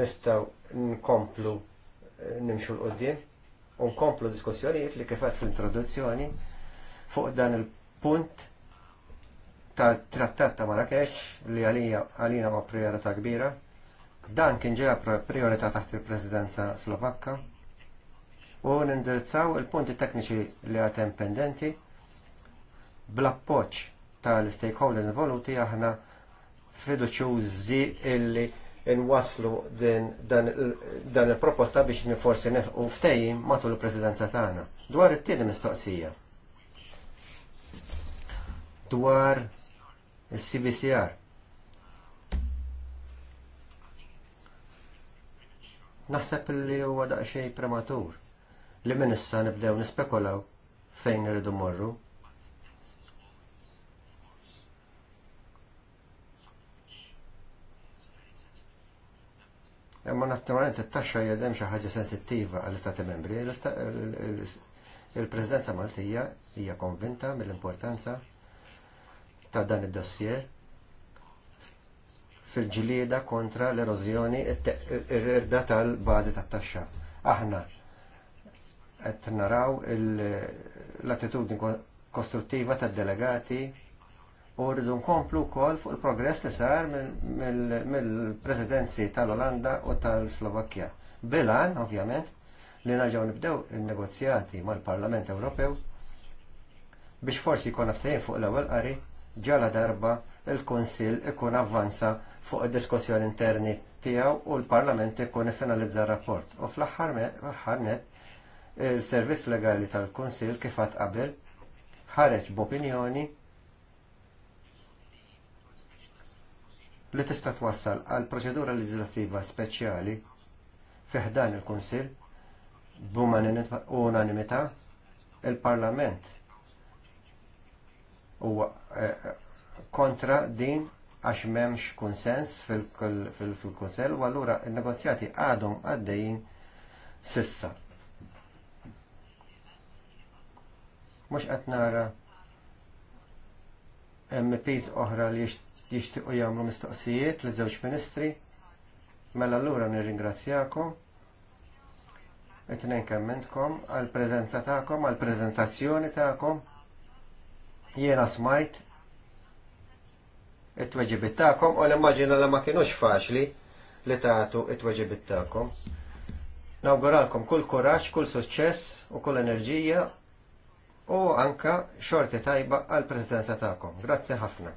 nistgħu nkomplu eh, nimxu l-qudiem u nkomplu diskussjonijiet li kifet fl-introduzzjoni fuq dan il-punt tal-trattat ta' Marrakesh li għalina ma' priorità kbira. Dan kien ġeja priorità taħt il-presidenza Slovakka u nindirizzaw il-punti tekniċi li għatem pendenti bl-appoċ tal-stakeholders involuti aħna fiduċjużi illi inwaslu dan, il-proposta biex niforsi neħu ftejim matul il-presidenza tagħna. Dwar it-tieni mistoqsija. Dwar il-CBCR. Naħseb li huwa daqsxejn prematur li minn issa nibdew nispekulaw fejn irridu morru. Imma naturalment it-taxxa hija dejjem xi ħaġa sensittiva għall-Istati Membri. Il-Presidenza Maltija hija konvinta mill-importanza ta' dan id-dossier fil-ġlieda kontra l-erożjoni ir rda tal-bażi tat-taxxa. Aħna qed naraw l-attitudni kostruttiva tad-delegati u rridu nkomplu wkoll fuq il-progress li sar mill-presidenzi tal-Olanda u tal-Slovakkja. Bilan, ovvjament, li nerġgħu nibdew in-negozjati mal-Parlament Ewropew biex forsi jkun ftehim fuq l-ewwel qari ġala darba il-Kunsill ikun avvanza fuq id-diskussjoni interni tiegħu u l-Parlament ikun iffinalizza r-rapport. U fl-aħħar net il-servizz legali tal-Konsil kif qabel ħareġ b'opinjoni li tista' twassal għal proċedura leġislattiva speċjali dan il-Konsil b'unanimità il-Parlament huwa eh, eh, kontra din għax memx konsens fil kunsell u allura il-negozjati għadhom għaddejjin sissa. Mhux qed nara MPs oħra li jixtiequ jagħmlu mistoqsijiet li żewġ ministri. Mela allura nirringrazzjakom it-tnejn kemmentkom għal preżenza tagħkom, għal preżentazzjoni tagħkom. Jiena smajt it-tweġibit tagħkom u l-immaġina li ma kinux faċli li tagħtu it-tweġibit tagħkom. Nawguralkom kull kuraġġ, kull suċċess u kull enerġija u anka xorti tajba għal prezidenza tagħkom. Grazzi ħafna.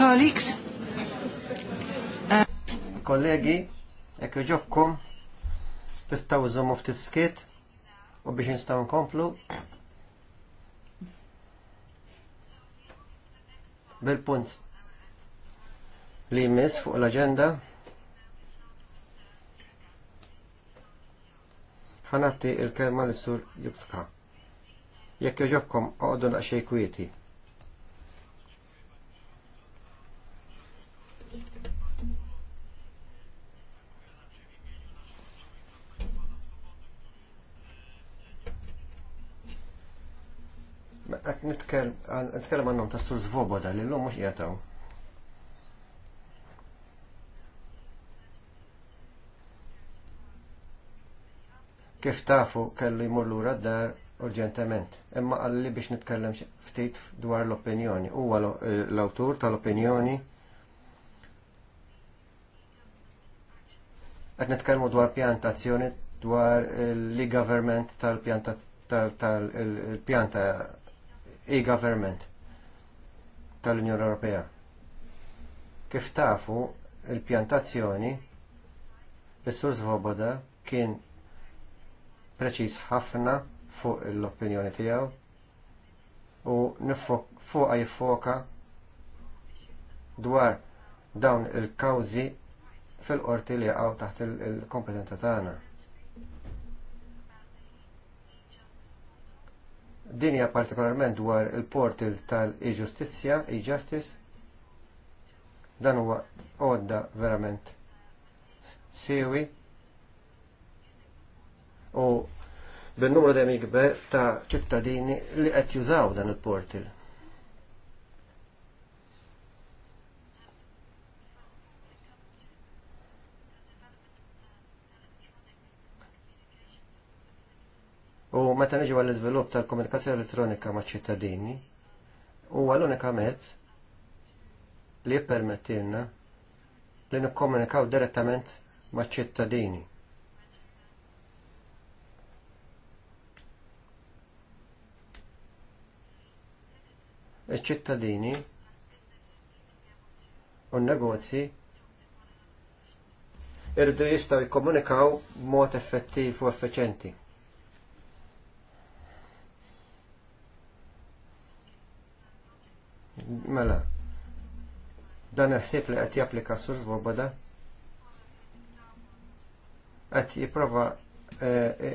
colleagues. Kollegi, jekk joġobkom, tistgħu żommu ftit skiet u biex nistgħu nkomplu. Bil-punt li jmiss fuq l-aġenda. Ħanatti il-kelma l-sur jibtka. Jekk joġobkom, oqdu naqxej kwieti. Għet nitkellem għannom ta' sur zvoboda li l-lum mux jgħataw. Kif tafu kellu jmur lura d-dar urġentament. Imma għalli biex nitkellem ftit dwar l-opinjoni. Huwa l-autur tal-opinjoni. Qed nitkellmu dwar pjantazzjoni dwar l-government tal-pjanta tal-pjanta e-government tal-Unjoni Ewropea. Kif tafu il-pjantazzjoni l sur Svoboda kien preċiż ħafna fuq l-opinjoni tiegħu u fuqa jiffoka dwar dawn il-kawżi fil-qorti li għaw taħt il kompetenta tagħna. Dinja partikolarment dwar il-portal tal-e-ġustizja, e-justice, dan huwa għodda verament siwi u bin-numru dem jikber ta' ċittadini li qed jużaw dan il-portal. U meta niġu għall iżvilupp tal-komunikazzjoni elettronika ma' ċittadini, huwa l-unika mezz li jippermettilna li nikkomunikaw direttament ma' ċittadini. Iċ-ċittadini u n-negozji irridu jistgħu jikkomunikaw b'mod effettiv u effiċenti. mela. Dan il-ħsieb li qed japplika sur Svoboda qed jipprova eh, eh,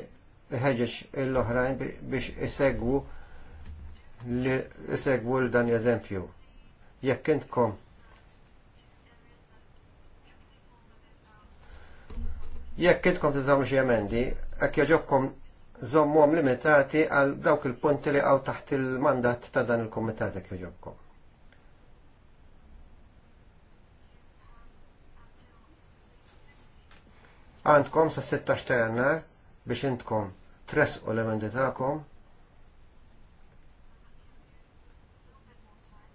iħeġeġ l-oħrajn biex isegwu li isegwu l-dan eżempju. Jekk intkom jekk intkom tidhom xi emendi, hekk jaġobkom żommhom limitati għal dawk il-punti li għaw taħt il-mandat ta' dan il-komitat jekk jaġobkom. Għandkom sa' 16 ta' jannar biex intkom u l-emendi tagħkom.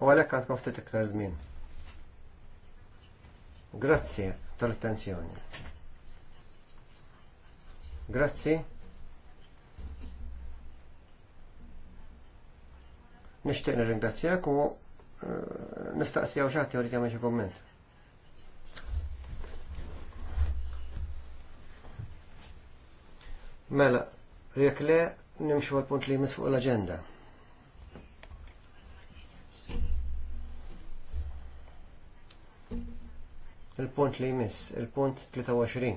U għalhekk għandkom ftit iktar żmien. Grazzi tal-attenzjoni. Grazzi. Nixtieq nirringrazzjak u eh, nistaqsijaw xaħti ħadd jgħid jagħmel xi kumment. Mela, jekk le nimxu għal-punt li jmiss fuq l-agenda. Il-punt li jmiss, il-punt 23.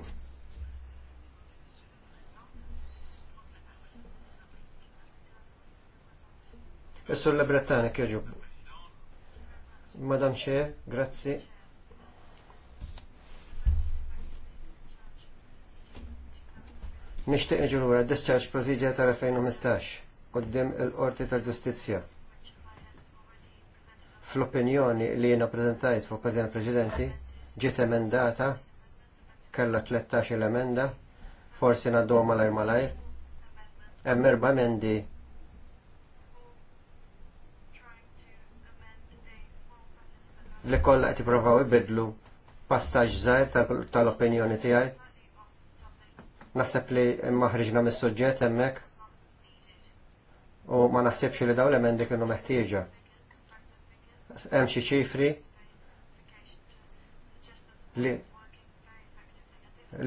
Is-sur Lebrettani kjoġu. Madam Chair, grazzi. Nixtieq nġuru lura discharge procedure tal-2015 għoddim il-Qorti tal-Ġustizzja. Fl-opinjoni li prezentajt fuq f'okkażjoni preċedenti ġiet emendata Kella 13 l-emenda forsi naddu malajr malajr. Hemm erba' emendi li kollha qed jippruvaw ibidlu passaġ żgħir tal-opinjoni tiegħi Naħseb li maħriġna mis-soġġett hemmhekk u ma naħsibx li dawn l-emendi kienu meħtieġa. Hemm xi ċifri li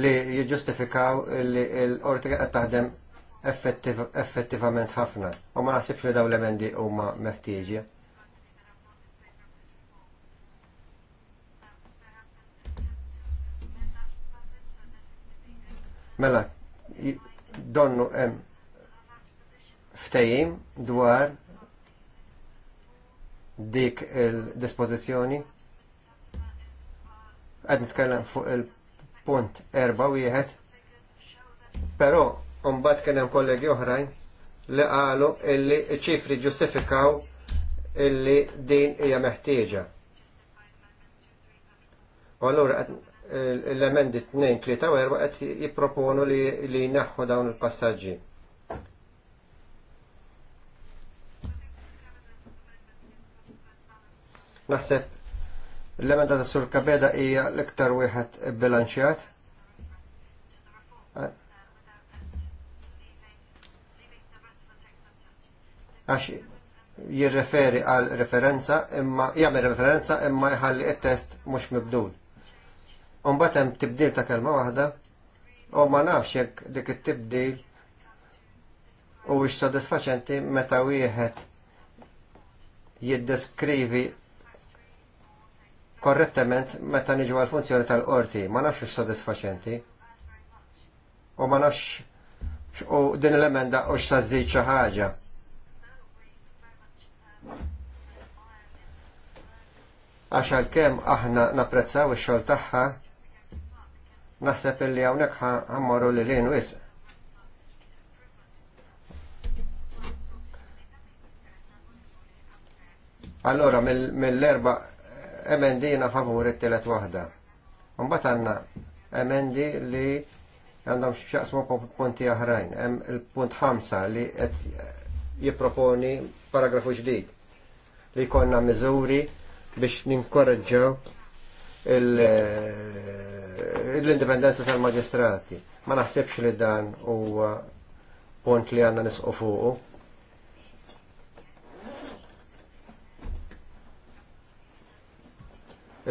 li jiġġustifikaw li l-qorti qed taħdem effettivament ħafna u ma naħsibx li dawn l-emendi huma meħtieġa. Mela, donnu hemm ftejim dwar dik il-dispozizjoni. Għad nitkellem fuq il-punt erba wieħed. Però mbagħad kien hemm kollegi oħrajn li qalu illi ċifri ġustifikaw illi din hija meħtieġa. U allura l-emendi 2-3 4 għet jiproponu li li jneħħu dawn il passagġi Naħseb l-emenda ta' Sur Kabeda hija l-iktar wieħed bilanċjat. Għax jirreferi għal referenza imma jagħmel referenza imma jħalli t test mhux mibdul. Umbat hemm tibdil ta' kelma waħda u ma nafx jekk dik it-tibdil u wix sodisfaċenti meta wieħed jiddeskrivi korrettament meta niġu għal funzjoni tal-qorti, ma nafx ix sodisfaċenti. U ma nafx u din l-emenda u x-sazzit xi ħaġa. Għax għalkemm aħna napprezzaw ix-xogħol tagħha, Naħseb illi hawnhekk ħammaru li lin wis. Allora mill-erba emendi jiena favur it-tielet waħda. Mbagħad għandna emendi li għandhom xaqsmu punti oħrajn. Hemm il-punt ħamsa li qed jipproponi paragrafu ġdid li jkollna miżuri biex ninkoraġġew il- l-indipendenza tal-magistrati. Ma naħsibx li dan huwa punt li għanna nisqu fuqu.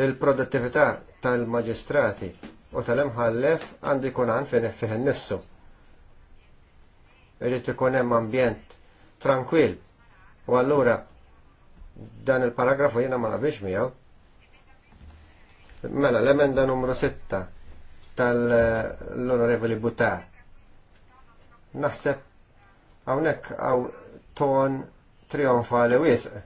Il-produttività tal-magistrati u tal-imħallef għandu jkun għan fih nifsu. Irrid ikun hemm ambjent tranquil. U allura dan il-paragrafu jiena ma nabiex miegħu. Mela, l-emenda numru 6 tal-Onorevoli Butar Naħseb hawnhekk għaw ton trionfali wisq.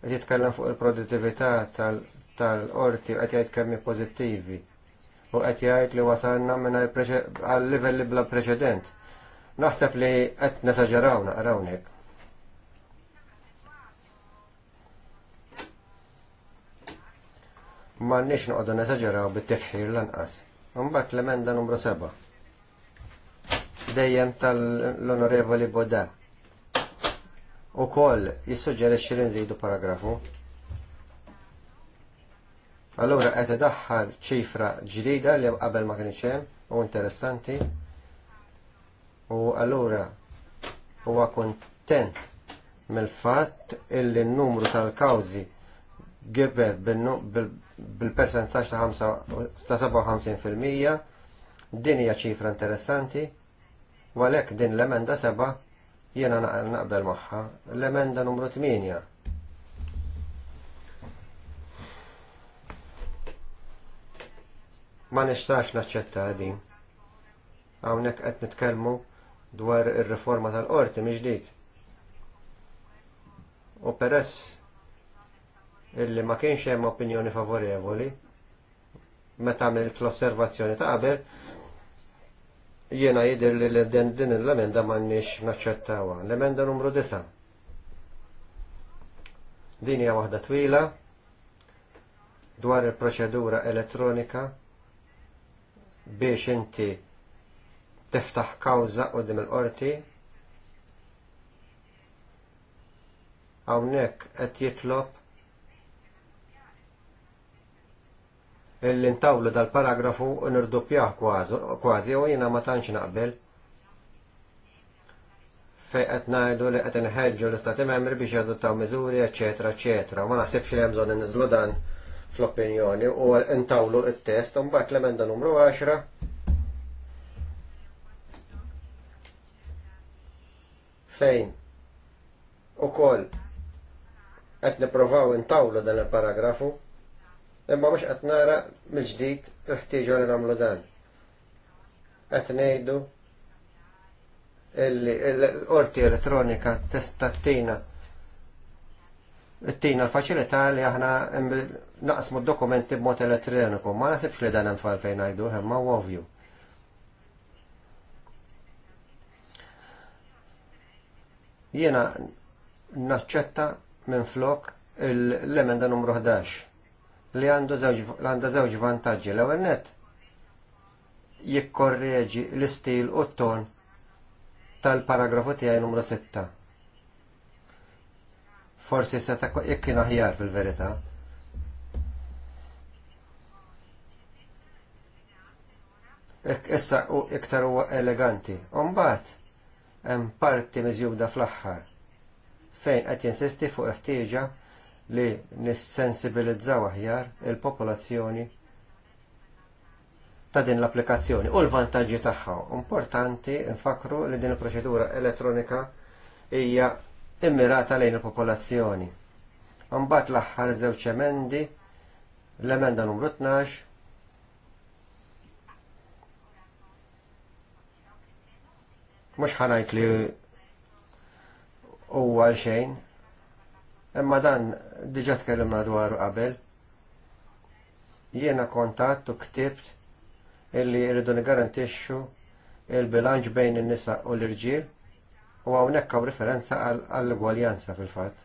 Qed jitkellem fuq il-produttività tal-qorti qed jgħid kemm pozittivi. u qed jgħid li wasalna minn għal livelli bla preċedent. Naħseb li qed nesaġeraw għarawnek. ma nix noqdu neżagġeraw bit-tifħir lanqas. Mbagħad l-emenda numru 7. Dejjem tal-Onorevoli Boda. U koll jissuġġerixxi li nżidu paragrafu. Allura qed idaħħal ċifra ġdida li qabel ma kienx hemm u interessanti. U allura huwa kontent mill-fatt illi n-numru tal-kawżi gibe bil bil percentax ta' 57%. Din hija ċifra interessanti u għalhekk din l-emenda seba' jiena naqbel magħha. L-emenda numru 8. Ma nistax naċċetta din. Hawnhekk qed nitkellmu dwar ir-riforma tal-qorti miġdid. U peress illi ma kienx hemm opinjoni favorevoli meta għamilt l-osservazzjoni ta' qabel jiena jidher li din l-emenda m'għandniex naċċettawha. L-emenda numru 9. Din hija waħda twila dwar il-proċedura elettronika biex inti tiftaħ kawża qudiem il-qorti hawnhekk qed jitlob illi ntawlu dal-paragrafu nirdoppjah kważi u jiena ma tantx naqbel fej qed ngħidu li qed inħeġġu l-istati membri biex jadottaw miżuri, eċetera, eċetera. Ma naħsibx li hemm bżonn inniżlu dan fl-opinjoni u ntawlu it-test u mbagħad l-emenda numru 10 fejn u koll qed niprovaw intawlu dan il-paragrafu imma mhux qed nara mill-ġdid il-ħtieġa li nagħmlu dan. Qed ngħidu l orti elettronika tista' tina tina l-faċilità li aħna naqsmu d-dokumenti b'mod elettroniku, ma nasibx li dan hemm falfejn ngħidu imma ovju. Jiena naċċetta minn flok l-emenda numru 11 li għandu żewġ vantaġġi l-ewwel nett jikkorreġi l-istil u t-ton tal-paragrafu tiegħi numru 6. Forsi se ta' jekk kien aħjar fil-verità. Issa u iktar huwa eleganti. mbagħad hemm parti miżjuda fl-aħħar fejn qed jinsisti fuq ħtieġa li nissensibilizzaw aħjar il-popolazzjoni ta' din l-applikazzjoni u l-vantaġġi tagħha. Importanti nfakru li din il-proċedura elettronika hija immirata lejn il-popolazzjoni. Mbagħad l-aħħar żewġ emendi, l-emenda numru 12, mux ħanajt li huwa xejn Imma dan diġa tkellimna dwaru qabel. Jiena kontatt u ktibt illi rridu nigarantixxu il-bilanċ bejn in-nisa u l-irġiel u hawnhekk hawn riferenza għall-gwaljanza fil-fatt.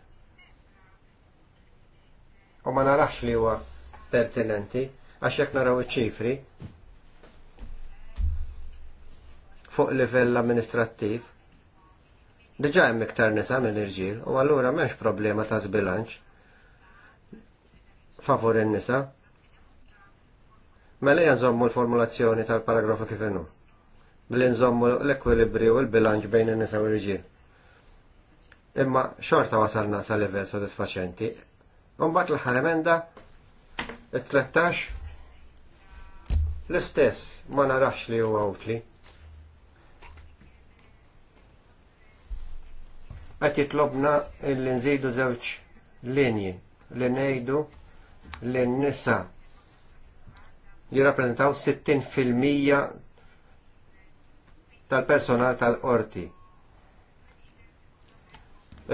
U ma narax li huwa pertinenti għax jekk naraw iċ-ċifri fuq livell amministrattiv Diġa hemm iktar nisa minn irġiel u allura m'hemmx problema ta' zbilanċ favur in-nisa. Mela jażommu l-formulazzjoni tal-paragrafu kif inhu. Bli nżommu l-ekwilibrju u l-bilanċ bejn in-nisa u l-irġiel. Imma xorta wasalna sa level sodisfaċenti. Umbat l-ħaremenda, it-13, l-istess ma narax li huwa utli. qed jitlobna li nżidu żewġ linji li ngħidu li n-nisa jirrappreżentaw 60% tal-personal tal-qorti.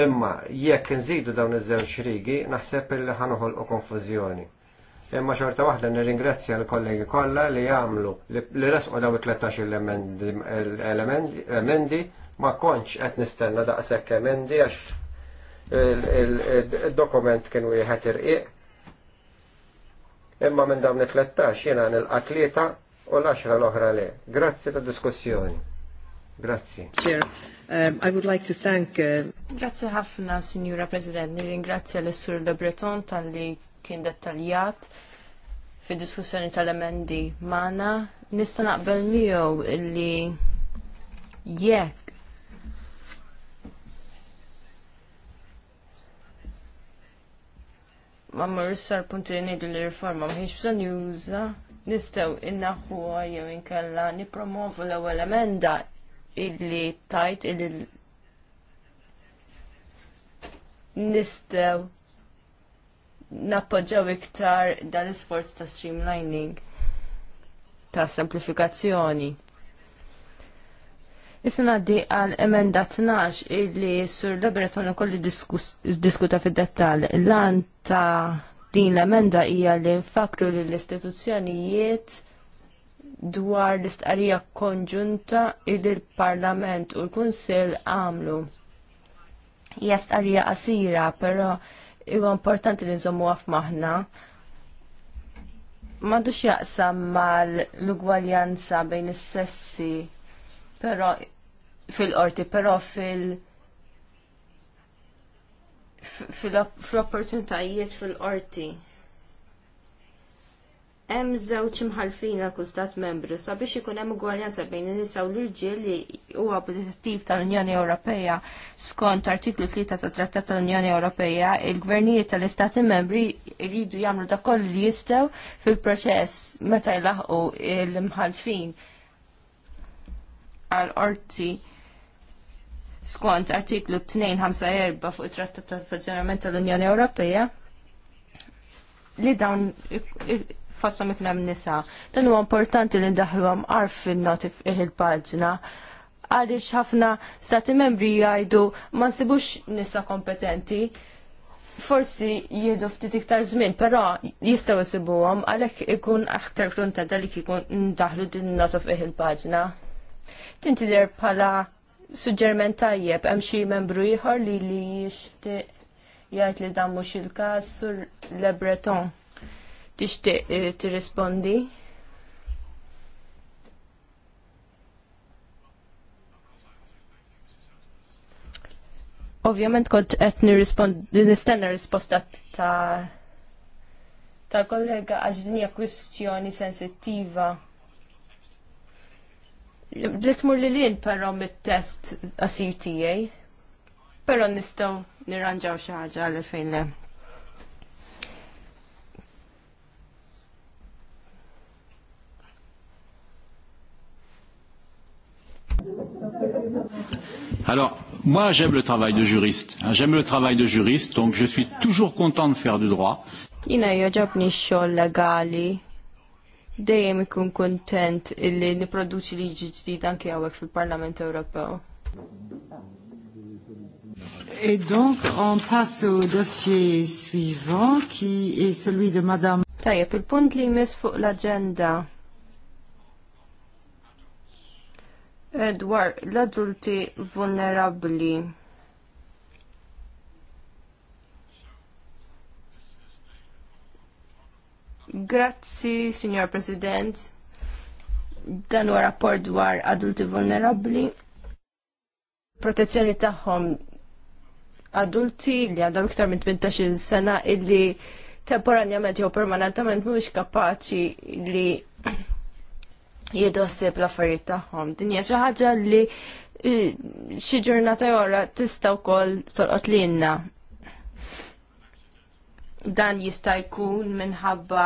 Imma jekk nżidu dawn iż-żewġ rigi, naħseb li ħanuħol u konfużjoni. Imma xorta waħda nirringrazzja l-kollegi kollha li jagħmlu li resqu daw it-13 elementi ma konċ qed nistenna daqshekk emendi għax il-dokument kien wieħed irqiq. Imma minn dawn it-13 jiena nilqa' tlieta u l axra l-oħra le. Grazzi ta' diskussjoni. Grazzi. um, I would like to thank... Uh... Grazzi ħafna, Signora President, nirringrazzja l-Sur Le Breton tal-li kien dettaljat fi diskussjoni tal-emendi mana. Nista naqbel miegħu illi jekk ma mmorru sar punti li ngħidu li riforma maħiċ bżonn juża nistgħu innaħħuha jew inkella nippromovu l-ewwel emenda illi tajt illi nistgħu nappoġġaw iktar dal-isforz ta' streamlining ta' semplifikazzjoni. Issa di għal emenda 12 illi sur Laberatona kolli diskuta fid-dettall. l għan ta' din l-emenda hija li nfakru li l-istituzzjonijiet dwar l-istqarija konġunta illi l-Parlament u l-Kunsill għamlu. Hija stqarrija qasira, però huwa importanti li nżommuha f'maħna madux jaqsam mal l-ugwaljanza bejn is-sessi, però fil-qorti, però fil- fil-opportunitajiet fil-qorti. Hemm żewġ imħalfin għal kull stat membru sabiex ikun hemm ugwaljanza bejn in-nisa u l-irġiel li huwa obligattiv tal-Unjoni Ewropea skont artiklu 3 tat-Trattat tal-Unjoni Ewropea, il-gvernijiet tal-istati membri jridu jagħmlu dak kollu li jistgħu fil-proċess meta jlaħqu l-imħalfin għal qorti skont artiklu 254 fuq it-Trattat ta' Funzjonament tal-Unjoni Ewropea li dawn fossom ikna nisa. Dan huwa importanti li ndaħluhom għarf fin-notif il-paġna għaliex ħafna stati membri jgħidu ma nsibux nisa kompetenti forsi jiedu ftit iktar żmien, però jistgħu jsibuhom għalhekk ikun aktar kuntent dalik ikun ndaħlu din not of il-paġna. Tinti der bħala suġġerment tajjeb, hemm xi membru ieħor li li jixtieq jgħid li dan mhux il-każ sur Le Breton. Tixtieq eh, tirrispondi? Ovvjament kont qed nirrispondi nistenna risposta ta' tal-kollega għax din hija kwistjoni sensittiva li tmur li lin però mit-test għasir tiegħi. Però nistgħu nirranġaw xi ħaġa għalfejn le. Alors, moi, j'aime le travail de juriste. J'aime le travail de juriste, donc je suis toujours content de faire du droit. Jina joġobni xogħol legali dejjem ikun kontent illi niproduċi liġi ġdid anke hawnhekk fil-Parlament Ewropew. Et donc, on passe au dossier suivant, qui est celui de Madame. Tajjeb, il-punt li jmiss fuq l-agenda dwar l-adulti Grazzi, Signor President. Dan huwa rapport dwar adulti vulnerabbli. Protezzjoni tagħhom adulti li għandhom iktar minn 18 sena illi temporanjament jew permanentament mhumiex kapaċi li (clears throat) jidossib l-affarijiet tagħhom. Din hija xi ħaġa li eh, xi ġurnata oħra tista' wkoll tolqot lilna dan jista' jkun minħabba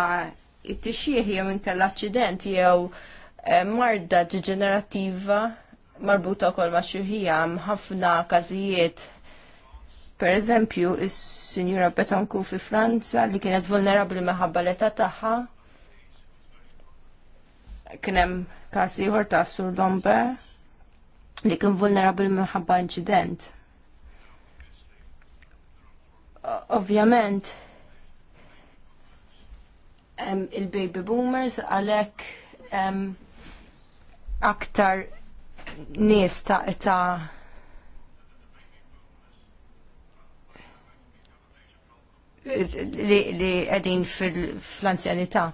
it-tixjih jew inkella aċċident jew eh, marda deġenerattiva marbuta wkoll ma' xirħija ħafna każijiet. Per eżempju, is-Sinjura Betonku fi Franza li kienet vulnerabbli minħabba l-età tagħha. Kien hemm każ ieħor ta' Sur Lombe li kien vulnerabbli minħabba inċident. Ovvjament, il-baby boomers għalek aktar nies ta' ta' li għedin fil-anzjanità.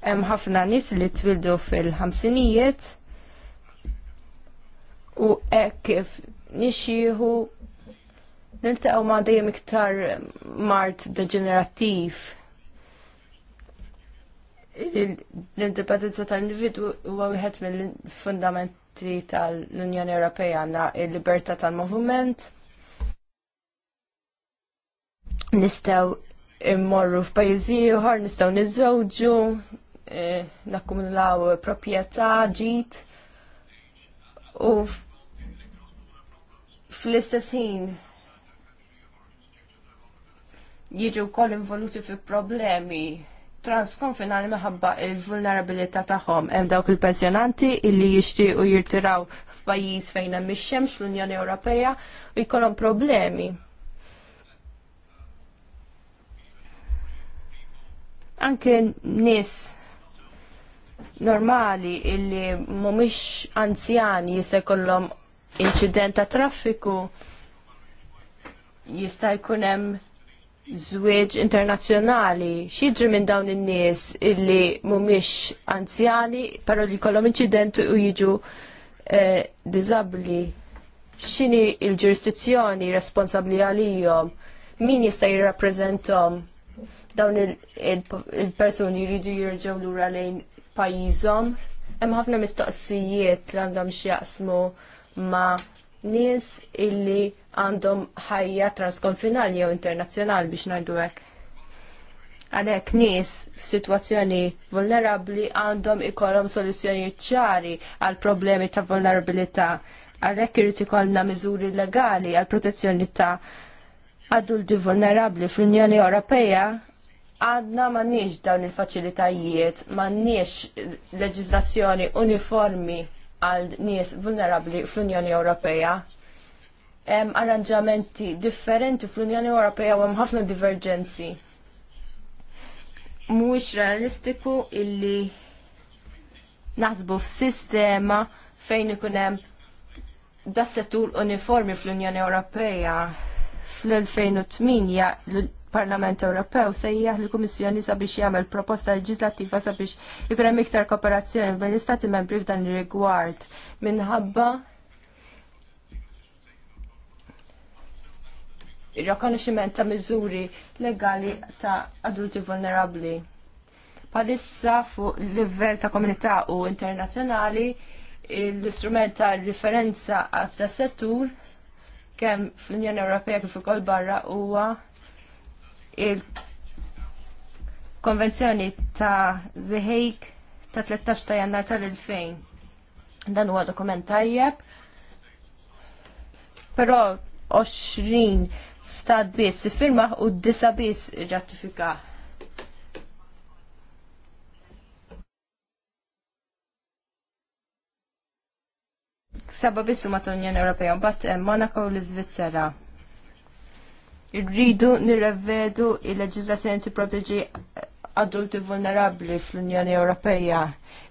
Hemm ħafna nies li twildu fil-ħamsinijiet u hekk kif nixjieħu niltaqgħu ma' dejjem iktar mart deġenerattiv l-indipendenza tal-individu huwa wieħed mill-fundamenti tal-Unjoni Ewropea għandna l-libertà tal movement Nistgħu immorru f'pajjiżi ieħor, nistgħu niżżewġu, e, nakkumulaw proprjetà, ġid u fl-istess ħin jiġu wkoll involuti fi problemi transkonfinali meħabba il-vulnerabilità tagħhom hemm dawk il-pensjonanti illi jixtiequ jirtiraw f'pajjiż fejn hemm ix-xemx l-Unjoni Ewropea u jkollhom problemi. Anke nies normali illi mhumiex anzjani jista' jkollhom inċident ta' traffiku jista' jkun hemm żwieġ internazzjonali, xidri minn dawn in-nies illi mhumiex anzjani però li jkollhom inċident u jiġu eh, diżabbli. X'inhi l-ġurisdizzjoni responsabbli għalihom? Min jista' jirrappreżentom? Dawn il-persuni il jridu jirġgħu lura lejn pajjiżhom. Hemm ħafna mistoqsijiet li għandhom x'jaqsmu ma' nies illi għandhom ħajja transkonfinali jew internazzjonali biex ngħidu hekk. Għalhekk nies f'sitwazzjoni vulnerabbli għandhom ikollhom soluzzjonijiet ċari għal problemi ta' vulnerabilità. Għalhekk irid ikollna miżuri legali għal protezzjoni ta' adulti vulnerabbli fl-Unjoni Ewropea għadna m'għandniex dawn il-faċilitajiet, m'għandniex leġizlazzjoni uniformi għal nies vulnerabli fl-Unjoni Ewropea arranġamenti differenti fl-Unjoni Ewropea u hemm ħafna divergenzi. Mhuwiex realistiku illi naħsbu f'sistema fejn ikun hemm da settur uniformi fl-Unjoni Ewropea fl-2008 l-Parlament Ewropew sejjaħ l kummissjoni sabiex jagħmel proposta leġislattiva sabiex ikun hemm iktar kooperazzjoni bejn l-Istati membri f'dan ir-rigward minħabba il-rakoniximent ta' miżuri legali ta' adulti vulnerabli. Palissa fuq livell ta' komunità u internazzjonali l-istrument ta' riferenza ta' settur kemm fl-Unjoni Ewropea kif ukoll barra huwa il-Konvenzjoni ta' The Hague ta' 13 ta' jannar tal-2000. Dan huwa dokument tajjeb. Però 20 stat biss firma u disa biss ġattifika. Saba biss huma tal-Unjoni Ewropea, mbagħad eh, Monaco u l-Iżvizzera. Irridu nirrevedu il ti proteġi adulti vulnerabli fl-Unjoni Ewropeja.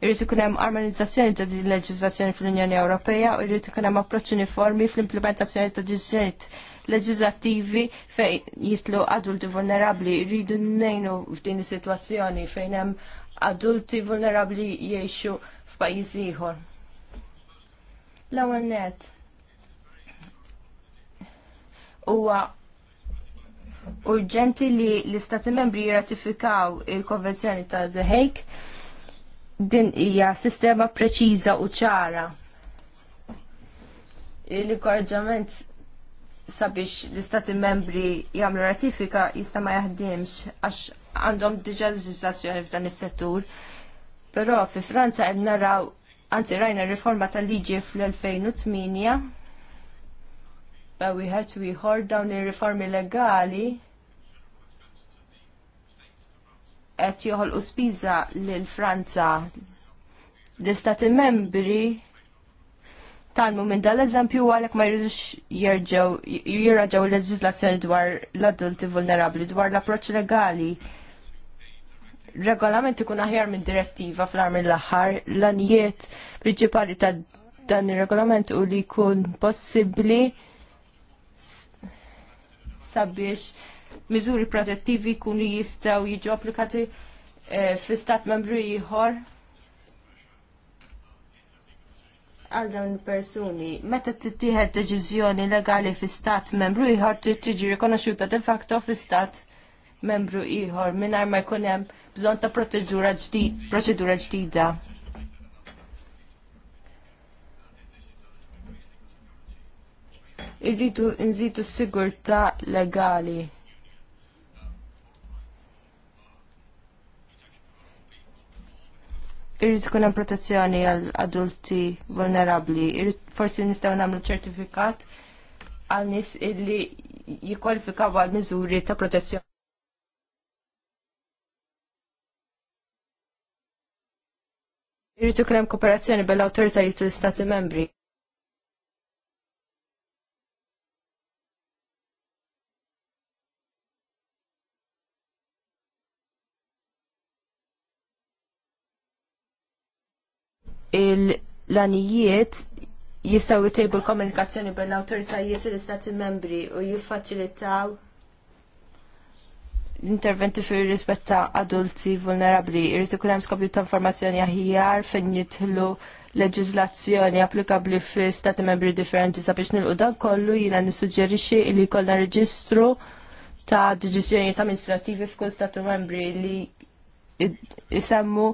Irrid ikun hemm armonizzazzjoni ta' din leġiżlazzjoni fl-Unjoni Ewropeja u irridu kunem hemm approċċ uniformi fl-implementazzjoni ta' deċiżjonijiet leġislattivi fej jitlu adulti vulnerabli rridu nejnu f'din is-sitwazzjoni fejn hemm adulti vulnerabli jiexu f'pajjiż ieħor. L-ewwel net huwa urġenti li l-Istati Membri jirratifikaw il-Konvenzjoni ta' The Hague din hija sistema preċiża u ċara. Il-korġament sabiex l-istati membri jagħmlu ratifika jista' ma jaħdimx għax għandhom diġà leġislazzjoni f'dan is-settur. Però fi Franza qed naraw anzi rajna riforma tal-liġi fl-2008 e wieħed wieħor dawn ir-riformi legali qed joħolqu spiża lil Franza l-istati membri talmu minn dal-eżempju għalek ma jirridux jirraġaw leġizlazzjoni dwar l-adulti vulnerabli, dwar l-approċ legali. Regolament ikun aħjar minn direttiva fl arm l aħħar l-anijiet prinċipali ta' dan il-regolament u li kun possibli sabiex miżuri protettivi kun jistaw jiġu applikati eh, fi stat membru ieħor għal dawn il-persuni, meta tittieħed deċiżjoni legali fi stat membru ieħor trid tiġi rikonoxxuta de facto fi stat membru ieħor mingħajr ma jkun hemm bżonn ta' proċedura ġdida. Irridu nżitu s-sigurtà legali. irrit ikun hemm protezzjoni għal adulti vulnerabbli, irrit forsi nistgħu nagħmlu ċertifikat għal nies illi jikkwalifikaw għal miżuri ta' protezzjoni. Irrid ikun hemm kooperazzjoni bel-awtoritajiet tal-Istati membri. il-lanijiet jistaw jtejbu l-komunikazzjoni bejn l-autoritajiet u l-istati membri u jiffaċilitaw l-interventi fi rispetta adulti vulnerabli. Irrit ikun hemm skopju ta' informazzjoni aħjar fejn jitħlu leġiżlazzjoni applikabbli fi stati membri differenti sabiex nilqu dan kollu jiena nissuġġerixxi li jkollna reġistru ta' deċiżjoni amministrativi f'kull stati membri li jisemmu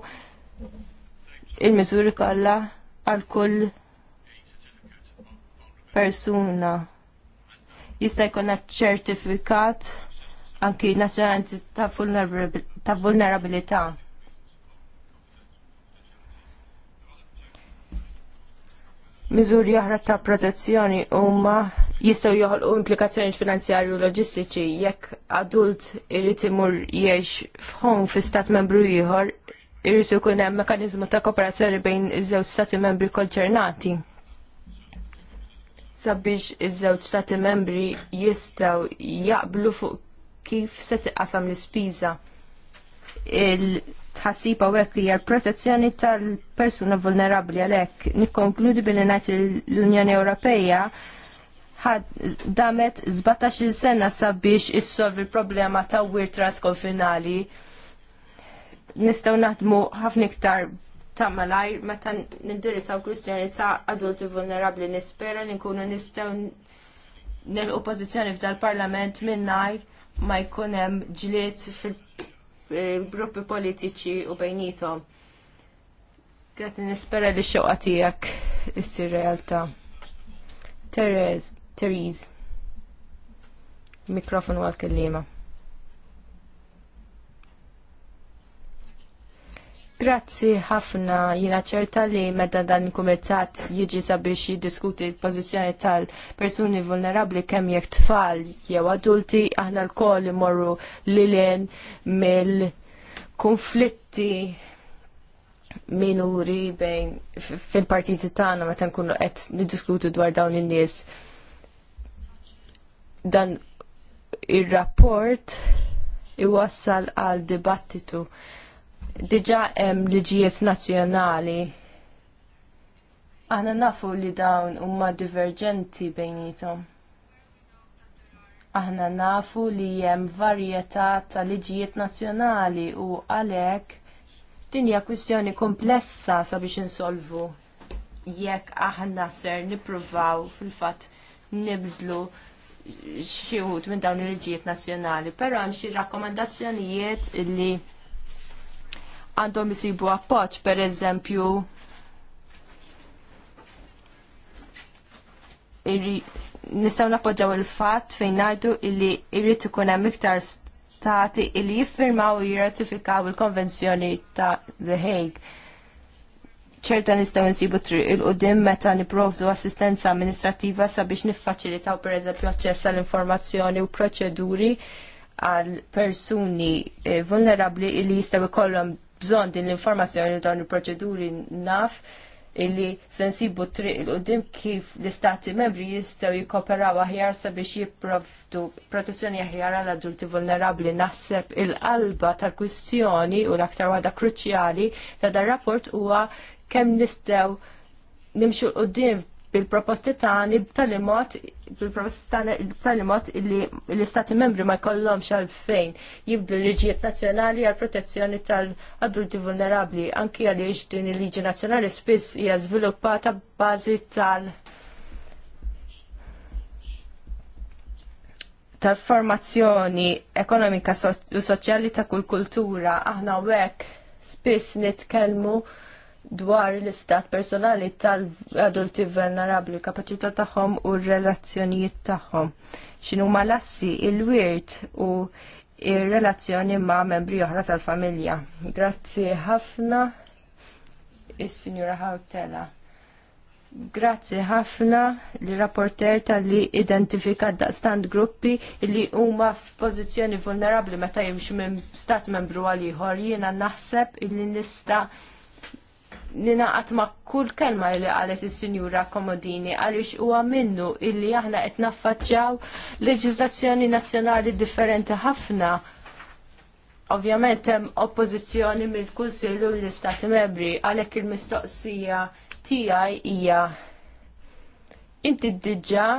il-miżuri kollha għal kull persuna. Jista' jkun ċertifikat anki nazzjonali ta' vulnerabilità. Mizuri Miżuri oħra ta' protezzjoni huma jistgħu joħolqu implikazzjoni finanzjarji u loġistiċi jekk adult irid imur jgħix f'ħom fi stat membru ieħor irrisu kun hemm mekanizmu ta' kooperazzjoni bejn iż-żewġ stati membri konċernati. Sabiex iż-żewġ stati membri jistgħu jaqblu fuq kif se tiqasam l-ispiża. Il-tħassib hawnhekk hija l-protezzjoni tal-persuna vulnerabbli għalhekk. Nikkonkludi billi ngħid l-Unjoni Ewropea ħad damet 17-il sena sabiex issolvi l problema ta' wirt trasconfinali finali nistaw naħdmu ħafna iktar ta' malajr meta nindirizzaw ta' adulti vulnerabli nispera li nkunu nistaw nel oppozizjoni f'dal-parlament minnajr ma jkun hemm ġlied fil-gruppi politiċi u bejnietom. Għet nispera li xewqa tiegħek issir realtà. Therese, Therese. Mikrofon għal-kellima. Grazzi ħafna jina ċerta li meta dan il-kumitat jiġi sabiex jiddiskuti l-pożizzjoni tal-persuni vulnerabli kemm jekk tfal jew adulti aħna lkoll imorru lilien mill-konflitti minuri bejn fil-partiti tagħna meta nkunu qed niddiskutu dwar dawn in-nies. Dan ir-rapport iwassal għal dibattitu diġa hemm liġijiet nazzjonali. Aħna nafu li dawn huma diverġenti bejnietom. Aħna nafu li hemm varjetà ta' liġijiet nazzjonali u għalhekk din hija kwistjoni komplessa sabiex insolvu jekk aħna ser nippruvaw fil-fatt nibdlu xi wħud minn dawn il-liġijiet nazzjonali, però hemm xi rakkomandazzjonijiet li għandhom jisibu appoġġ per eżempju nistgħu nappoġġaw il-fatt fejn ngħidu illi jrid ikun hemm iktar stati illi jiffirmaw u jirratifikaw il-Konvenzjoni ta' The Hague ċerta nistaw nsibu triq il-qudiem meta niprovdu assistenza amministrativa sabiex niffaċilitaw pereżempju aċċess għall informazzjoni u proċeduri għal persuni eh, vulnerabbli li jistgħu jkollhom bżon din l-informazzjoni dawn il-proċeduri naf illi sensibu triq il-qoddim kif l-istati membri jistaw jikoperaw aħjar sabiex jiprovdu protezzjoni aħjar għal adulti vulnerabli naħseb il-qalba tal-kwistjoni u l-aktar waħda kruċjali ta' dar rapport huwa kemm nistaw nimxu l-qoddim bil-proposti tani b'tali mod bil-proposta tal-mod li l-istati membri ma jkollhom fejn jibdu l liġijiet nazzjonali għal protezzjoni tal-adulti vulnerabli anki għaliex din il-liġi nazzjonali spiss hija żviluppata bbażi tal- tal-formazzjoni ekonomika u soċjali ta' kull kultura aħna wek spiss nitkellmu dwar l-istat personali tal-adulti vulnerabli, kapacità tagħhom u r-relazzjonijiet tagħhom. X'inhu lassi il-wirt u r relazzjoni ma' membri oħra tal-familja. Grazzi ħafna is-Sinjura Hawtela. Grazzi ħafna li rapporter tal-li identifika daqstant gruppi li huma f'pożizzjoni vulnerabli meta jimxu minn stat membru għal ieħor jiena naħseb il-li nista' ninaqat ma' kull kelma li qalet is-Sinjura Komodini għaliex huwa minnu illi aħna qed naffaċċjaw leġiżlazzjoni nazzjonali differenti ħafna. Ovvjament hemm oppożizzjoni mill-Kunsill u l-Istati Membri għalhekk il-mistoqsija tiegħi hija inti diġà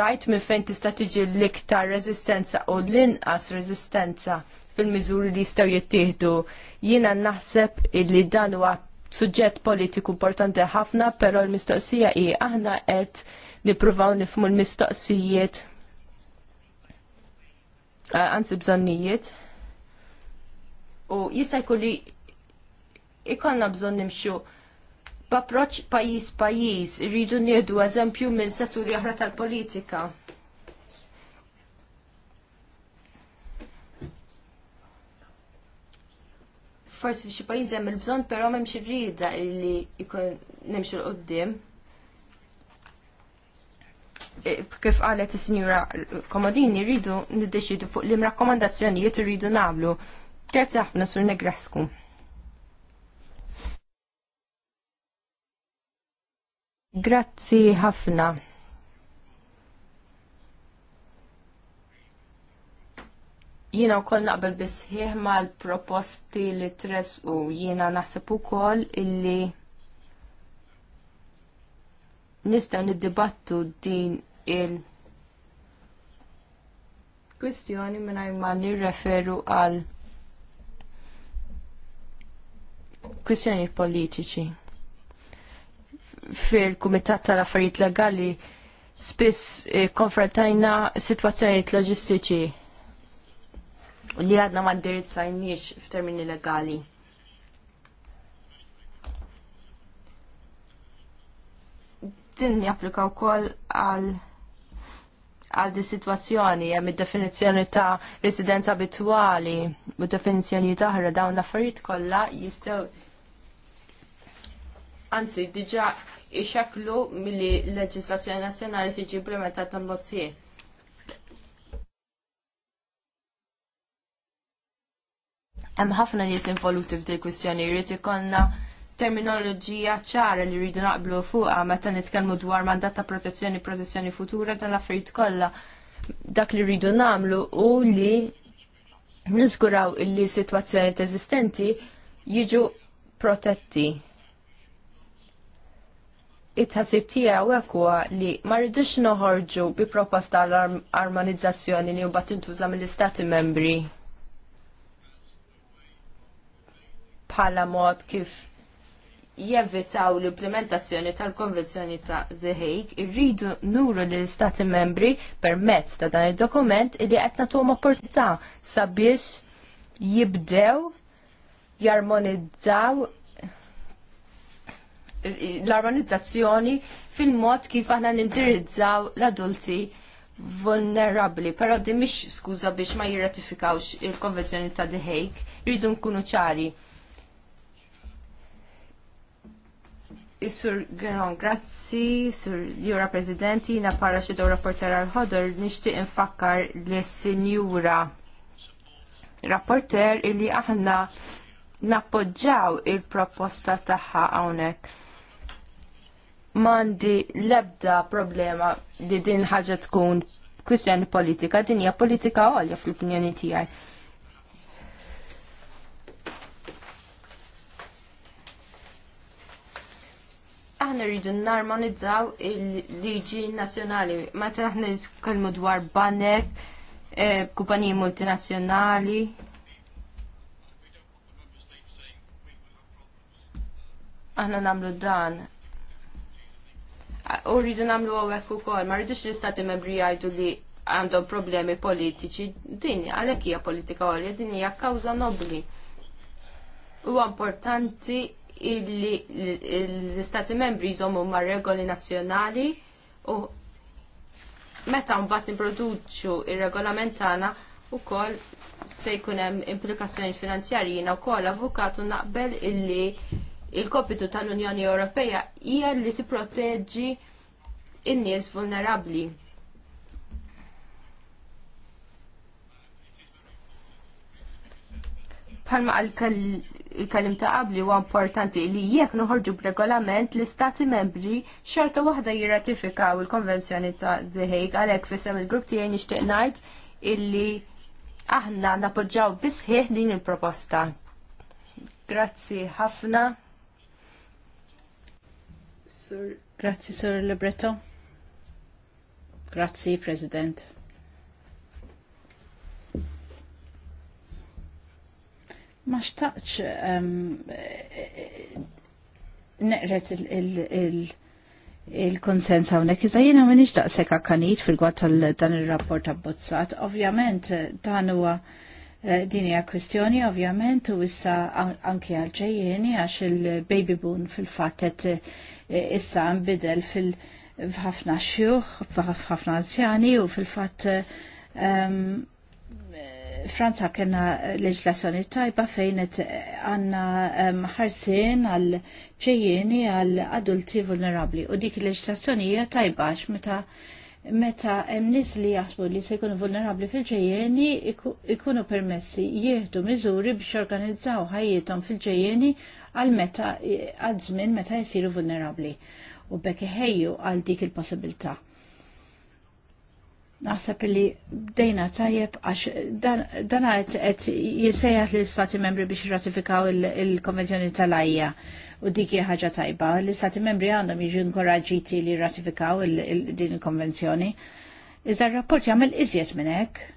right minn fejn tista' tiġi l-iktar resistenza u l-inqas resistenza fil-miżuri li jistgħu jittieħdu. Jiena naħseb li dan huwa suġġett politiku importanti ħafna, però l-mistoqsija hi aħna qed nippruvaw nifmu l-mistoqsijiet anzi bżonnijiet. U jista' jkun li ikollna bżonn nimxu b'approċċ pajjiż pajjiż, irridu nieħdu eżempju minn setturi oħra tal-politika. forsi xi pajjiż hemm il-bżonn però m'hemmx ir-rieda li jkun nimxu l qudiem kif qalet is-sinjura Komodini rridu niddeċidu fuq li rakkomandazzjonijiet irridu nagħmlu. Grazzi ħafna sur Negresku. Grazzi ħafna. Jiena wkoll naqbel ma mal-proposti li tres u jiena naħseb ukoll illi nista' niddibattu din il- kwistjoni minn ma nirreferu għal kwistjoni politiċi. Fil-Kumitat tal-Affarijiet Legali spiss eh, konfrontajna situazzjonijiet loġistiċi u li għadna ma f f'termini legali. Din japplika wkoll għal għal di situazzjoni jem id-definizzjoni ta' residenza abitwali u definizzjoni oħra dawn l-affarijiet kollha jistgħu anzi diġa' ixeklu milli l-leġislazzjoni nazzjonali tiġi implementat mod sieħ. Hemm ħafna nies involuti f'dil kwistjoni jrid ikollna terminoloġija ċara li rridu naqblu fuqha meta nitkellmu dwar mandat ta' protezzjoni protezzjoni futura dan l-affarijiet kollha dak li rridu nagħmlu u li niżguraw illi sitwazzjoni eżistenti jiġu protetti. It-ħasib tiegħu hekk huwa li ma rridux noħorġu bi proposta l-armonizzazzjoni li mbagħad tintuża mill-Istati membri bħala mod kif jevitaw l-implementazzjoni tal-Konvenzjoni ta' The Hague, irridu nuru l-Istati membri permezz ta' dan il-dokument li qed nagħtuhom opportunità sabiex jibdew jarmonizzaw l-armonizzazzjoni fil-mod kif aħna nindirizzaw l-adulti vulnerabli, pero di mhix skuża biex ma jirratifikawx il-Konvenzjoni ta' The Hague, rridu nkunu ċari Is-Sur Geron, grazzi, Sur Jura President, jina para xidu rapporter għal-ħodor, nishti infakkar li sinjura rapporter illi aħna nappoġġaw il-proposta taħħa għawnek mandi lebda problema li din ħaġa tkun kwistjoni politika, din hija politika għolja fl-opinjoni tiegħi. aħna rridu narmonizzaw il-liġi nazzjonali. Meta aħna nitkellmu dwar banek, eh, kumpaniji multinazzjonali. Aħna nagħmlu dan. U rridu nagħmlu hawnhekk ukoll, ma rridux l-istati membri jgħidu li għandhom problemi politiċi, din għalhekk hija politika għolja, din hija kawża nobbli. Huwa importanti illi l-istati membri jżommu ma' regoli nazzjonali u meta mbagħad nipproduċu ir-regolament tagħna ukoll se jkun hemm implikazzjoni finanzjarji jiena wkoll avukatu naqbel illi il-kopitu tal-Unjoni Ewropea hija li tipproteġġi in-nies vulnerabbli. Palma għal il-kalim ta' qabli huwa importanti li jekk noħorġu b'regolament li stati membri xorta waħda jirratifikaw il-konvenzjoni ta' zeħejk għalhekk fisem il-grupp tiegħi nixtieq ngħid illi aħna napoġġaw bisħieħ din il-proposta. Grazzi ħafna. grazzi Sur Libretto. Grazzi President. ma xtaqx eh, neqret il-konsens hawnhekk iżda jiena m'inhiex daqshekk akkanit fil għat tal-dan ir-rapport abbozzat. Ovvjament eh, dan huwa eh, din hija kwistjoni ovvjament u issa anke għal għax il-baby boon fil-fatt qed issa nbidel fil-ħafna xjuħ, f'ħafna anzjani u fil-fatt Franza kena leġlazzjoni tajba fejn għanna ħarsin għal ċejjeni għal adulti vulnerabli u dik leġlazzjoni hija tajba meta meta hemm nies li jaħsbu li se jkunu vulnerabbli fil-ġejjeni ikunu permessi jieħdu miżuri biex jorganizzaw ħajjithom fil-ġejjeni għal meta għal żmien meta jsiru vulnerabbli u bekk iħejju għal dik il-possibilità. Naħseb li bdejna tajjeb għax dan qed jisejjaħ li stati membri biex jirratifikaw il-konvenzjoni tal-ajja u dik hija ħaġa tajba. L-istati membri għandhom jiġu inkoraġġiti li jirratifikaw din il-konvenzjoni. Iżda r-rapport jagħmel iżjed minn hekk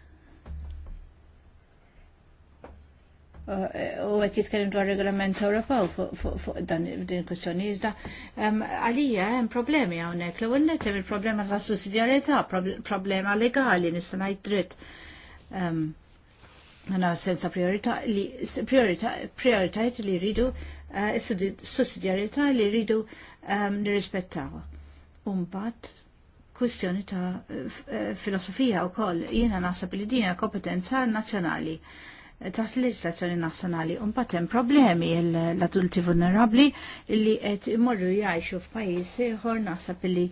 u għet jitkellem dwar regolament Ewropew fuq dan din kwestjoni iżda. Għalija hemm problemi hawnhekk. L-ewwel net hemm il-problema ta' sussidjarjetà, problema legali nista' ngħid dritt. Għana senza priorità li prioritajt li rridu eh, sussidjarjetà li rridu nirrispettaw. Umbat kwestjoni ta' eh, filosofija u koll jiena nasab li dina kompetenza nazjonali taħt l leġislazzjoni nazzjonali un patem problemi l-adulti vulnerabli li qed imorru jgħixu f'pajjiż ieħor naħseb li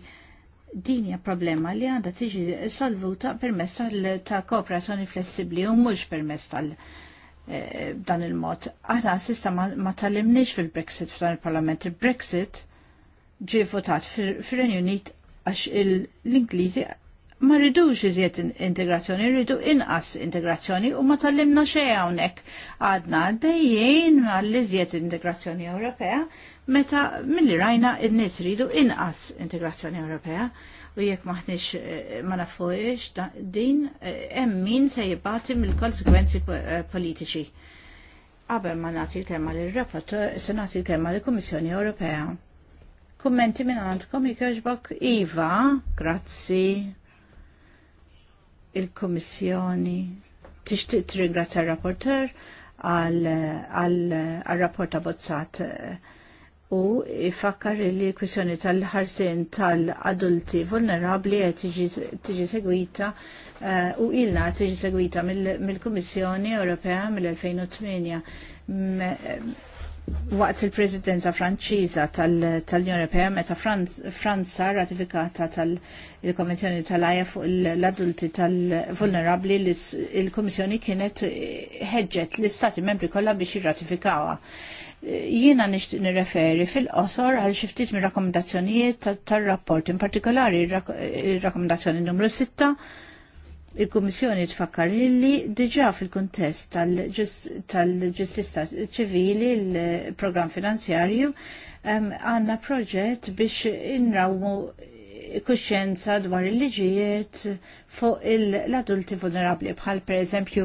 din hija problema li għandha tiġi solvuta permess ta' kooperazzjoni flessibbli u mhux permess tal- eh, dan il-mod. Aħna sissa ma tallimniex fil-Brexit f'dan il-Parlament. Il-Brexit ġie votat fir-Renju Unit għax l-Ingliżi ma rridux iżjed integrazzjoni, rridu inqas integrazzjoni u ma tallimna xej hawnhekk. Għadna dejjin mal-iżjed integrazzjoni Ewropea meta milli rajna n-nies rridu inqas integrazzjoni Ewropea u jekk maħniex eh, ma nafuqx din eh, hemm min se jibati mill-konsekwenzi eh, politiċi. Qabel ma nagħti l-kelma lir-rapporteur, se nagħti l-kelma l kummissjoni Ewropea. Kummenti minn għandkom jekk Iva, grazzi il-Komissjoni tixtieq tirringrazzja r-rapporter għal-rapport abbozzat u ifakkar li l-kwissjoni tal-ħarsin tal-adulti vulnerabli tiġi segwita eh, u ilna tiġi segwita mill-Kummissjoni Ewropea mill-2008 waqt il-Presidenza Franċiża tal-Unjoni Ewropea meta Franza ratifikata tal- il-Konvenzjoni tal-Aja fuq l-adulti tal-vulnerabli il-Komissjoni kienet ħeġġet l-Istati membri kollha biex jirratifikawa. Jiena nixtieq nirreferi fil-qosor għal xi ftit minn rakkomandazzjonijiet tar-rapport, in partikolari il rakkomandazzjoni numru 6 il-Kummissjoni tfakkar li diġa fil-kontest tal-ġustista ċivili l-programm finanzjarju għanna proġett biex inrawmu kuxjenza dwar il-liġijiet fuq l-adulti vulnerabli bħal per eżempju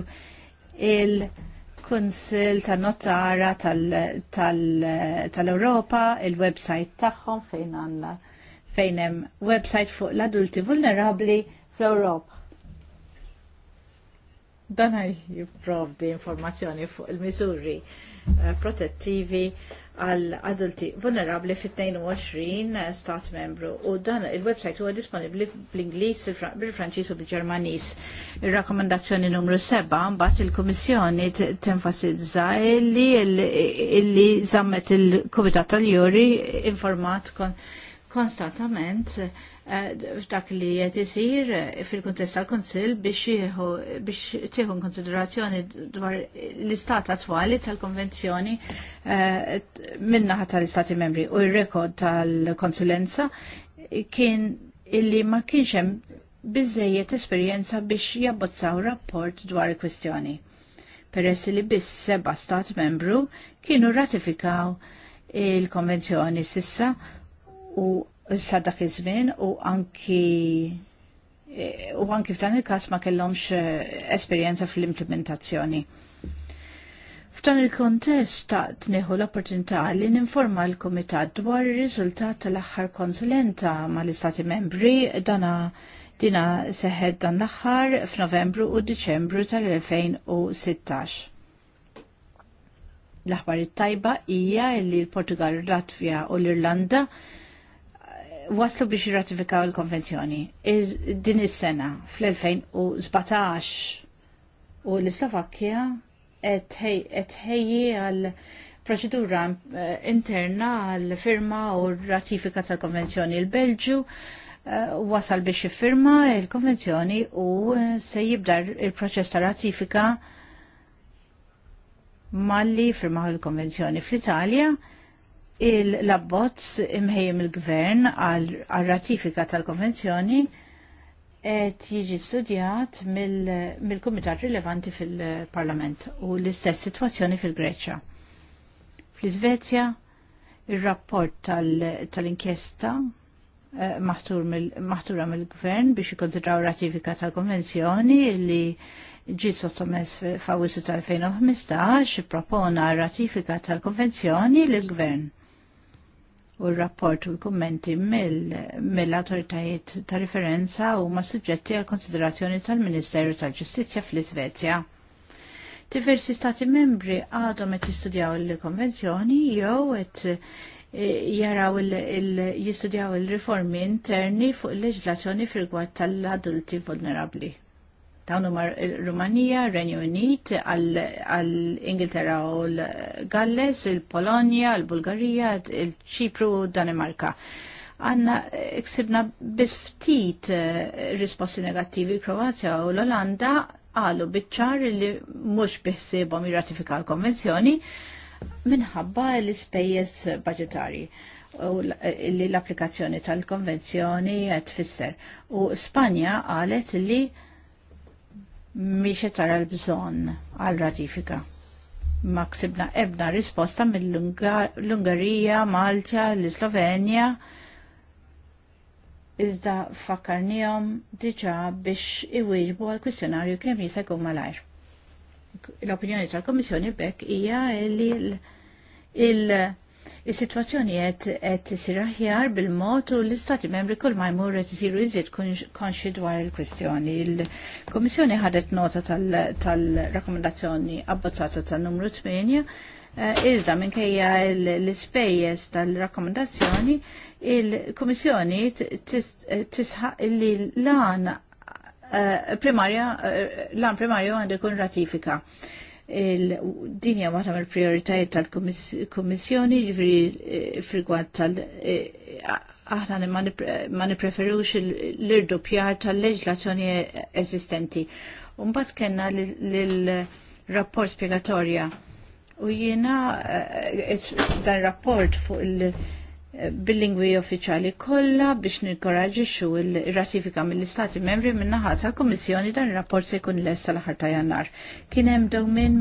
il-Kunsil ta' Notara tal-Europa, il-website tagħhom fejn għandna fejn hemm website fuq l-adulti vulnerabli fl-Ewropa. Dan jipprovdi informazzjoni fuq il-miżuri eh, protettivi għal adulti vulnerabli fit-22 eh, stat membru u dan il-website huwa disponibli bl-Ingliż, bil-Franċiż u bil-Ġermaniż. Ir-rakkomandazzjoni numru 7 mbagħad il-Kummissjoni tenfasizza li zammet il-Kumitat tal-Juri informat konstantament. Eh, f'dak li qed isir eh, fil-kuntest tal-Kunsill biex biex tieħu konsiderazzjoni dwar l-istat attwali tal-konvenzjoni eh, naħa tal-Istati membri u r-rekord tal-konsulenza kien illi ma kienx hemm biżejjed esperjenza biex jabbozzaw rapport dwar il-kwistjoni. Peress li biss seba' stat membru kienu ratifikaw il-konvenzjoni sissa u sa dak iż-żmien u anki eh, u anki f'dan il-każ ma kellhomx eh, esperjenza fl-implementazzjoni. F'dan il-kontest ta' neħu l-opportunità li ninforma l-Komitat dwar ir-riżultat tal-aħħar konsulenta mal-Istati Membri dana dina seħed dan l-aħħar f'Novembru u Diċembru tal-2016. L-aħbar it-tajba hija li l-Portugal, Latvija u l-Irlanda waslu biex jirratifikaw il-konvenzjoni din is-sena fl-2017 u l-Slovakkja qed ħejji għal proċedura eh, interna għal firma u ratifika tal-konvenzjoni il-Belġu eh, wasal biex jiffirma il-konvenzjoni u eh, se jibda il-proċess ta' ratifika malli firmaw il-konvenzjoni fl-Italja il-labbozz imħejjem il-gvern għal ratifika tal-konvenzjoni qed jiġi studjat mill-kumitat rilevanti fil-Parlament u l-istess sitwazzjoni fil-Greċja. Fl-Iżvezja ir-rapport tal-inkjesta eh, maħtura mill-gvern biex ikkonsidraw ratifika tal-konvenzjoni li ġi sottomess f'Awwissu tal-2015 propona ratifika tal-konvenzjoni lill-gvern u r-rapport u l-kommenti mill-autoritajiet ta' referenza u ma' suġġetti għal konsiderazzjoni tal-Ministeru tal-Ġustizja fl-Svezja. Diversi stati membri għadhom qed jistudjaw il-konvenzjoni jew qed eh, jaraw jistudjaw il-riformi interni fuq il-leġlazzjoni fil-gwad tal-adulti vulnerabli. Dawn huma Rumanija, Renju Unit, għall-Ingilterra u l-Galles, il-Polonja, il-Bulgarija, il-Ċipru u Danimarka. Għanna eh, ksibna bisftit eh, risposti negattivi Kroazja u l-Olanda għalu bitċar li mux biħsibom jirratifika l-konvenzjoni minħabba l-ispejjeż budgetari u eh, li l-applikazzjoni tal-konvenzjoni tfisser. U Spanja għalet li miex tara l-bżonn għal ratifika. Ma ksibna ebna risposta mill-Ungarija, Malta, l-Slovenja, iżda fakarnijom diġa biex iwieġbu għal kwistjonarju kemm jisegħu malajr. L-opinjoni tal-Komissjoni bekk hija li il-, il Is-sitwazzjoni qed isir aħjar bil-mod u l-Istati membri kull ma jmur qed isiru iżjed konxi dwar il-kwistjoni. Il-Kummissjoni ħadet nota tal-rakkomandazzjoni abbozzata tan-numru 8 eh, Iżda minkejja l-ispejjeż tal-rakkomandazzjoni, il-Kummissjoni tisħaq li l-għan eh, primarja, eh, lan primarju jkun ratifika il-dinja ma mill prioritajiet tal-Kommissjoni ġifri eh, frigwad tal- eh, aħna ma nipreferux l-irdu pjar tal-leġlazzjoni eżistenti. Umbat kena l-rapport spiegatorja u jiena eh, dan rapport fuq il- bil-lingwi uffiċjali kollha biex nikkoraġixxu il-ratifika mill-Istati Membri min-naħa tal-Kummissjoni dan ir-rapport se jkun lesta l-aħħar Jannar. Kien hemm dewmin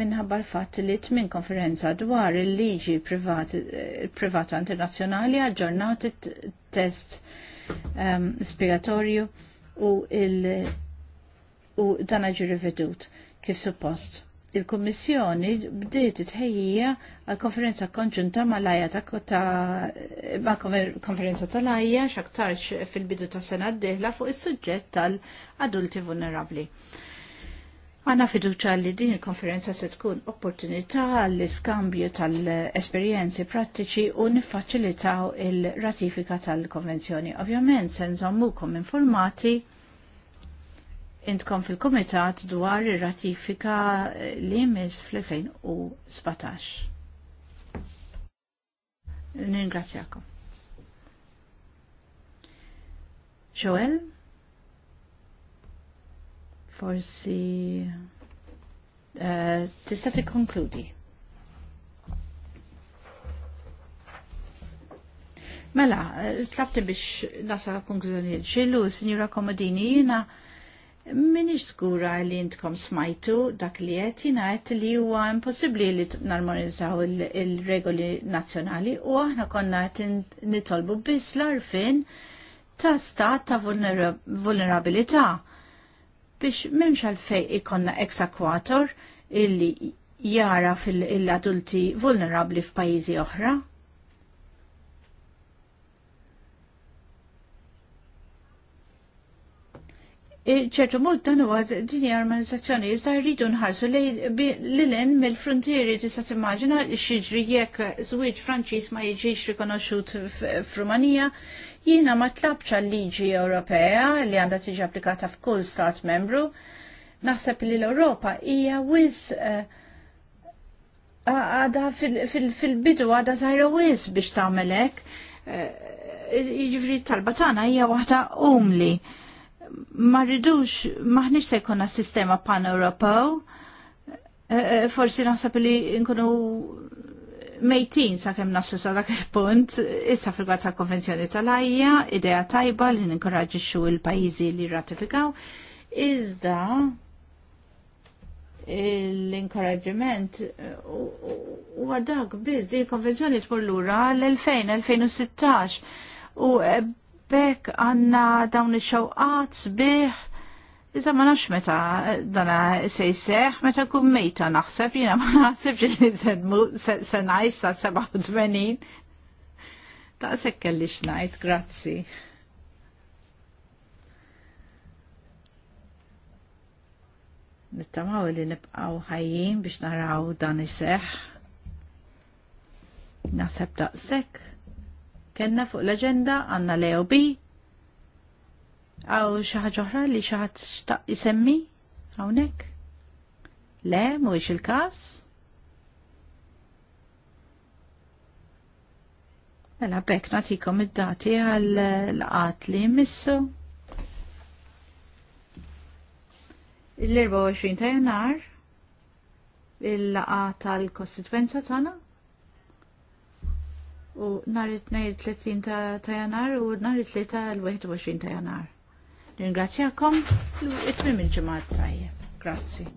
minħabba l-fatt li tmien konferenza dwar il-liġi privata internazzjonali aġġornat test ehm, spiegatorju u dan ġi rivedut kif suppost il-Kommissjoni bdiet tħejjija għal konferenza konġunta ma' lajja ta' ma' konferenza ta' lajja xaktarx fil-bidu ta' sena d-dihla fuq is-suġġett tal-adulti vulnerabli. Għana fiduċa li din il-konferenza se tkun opportunità għall-iskambju tal-esperienzi prattiċi u nifaċilitaw il-ratifika tal-konvenzjoni. Ovvjament, senza mukom informati intkom fil-komitat dwar ir-ratifika li jmiss fl-2017. Ningrazzjakom. Joel? Forsi uh, tista tikkonkludi. Mela, eh, tlabti biex nasa konklużjoni ġillu, Sinjura Komodini, jina Minix skura li jintkom smajtu dak li qed jingħad li huwa impossibbli li narmonizzaw il-regoli nazzjonali u aħna konna qed nitolbu biss l ta' stat ta' vulnerabilità biex memx għalfej ikonna eksakwator illi jara fil-adulti vulnerabli f'pajjiżi oħra ċertu mod dan huwa din armonizzazzjoni iżda rridu nħarsu lilin mill-frontieri tista' timmaġina x'iġri jekk żwieġ Franċiż ma jiġix rikonoxxut f'Rumanija, jiena ma tlabx għal-liġi Ewropea li għandha tiġi applikata f'kull stat membru. Naħseb li l-Ewropa hija wis eh, għada fil-bidu għada zaħra wis biex tagħmel hekk. Eh, jiġifieri talba tagħna hija waħda umli ma rridux maħniex se jkunna sistema pan europew eh, eh, forsi naħseb li nkunu mejtin sa' kem naslu sa' dak il-punt, issa fil ta' konvenzjoni tal-ajja, ideja tajba li ninkoraġiċu il-pajizi li ratifikaw, iżda l-inkoraġiment eh, u għadak biz di konvenzjoni tmur lura l-2000, 2016 u bekk għanna dawn il-xawqat sbiħ. Iza ma nafx meta dana se jseħ, meta kum mejta naħseb, jina ma naħseb li sedmu se najx sa' 87. Ta' se kelli xnajt, grazzi. Nittamaw li nibqaw ħajjin biex naraw dan iseħ. Naħseb daqsek kenna fuq l-agenda għanna l-EOB għaw xaħġa oħra li xaħat xtaq jisemmi għawnek? Le, mhuwiex il-każ? Mela bekk nagħtikom id-dati għal laqat li jmissu. il 24 ta' jannar il-laqa tal kostitvenza tagħna u nhar it-32 ta' Janar u nhar it ta' l-21 ta' Janar. Ringrazzjakom u it-tmim il-ġimgħa tajjeb. Grazzi.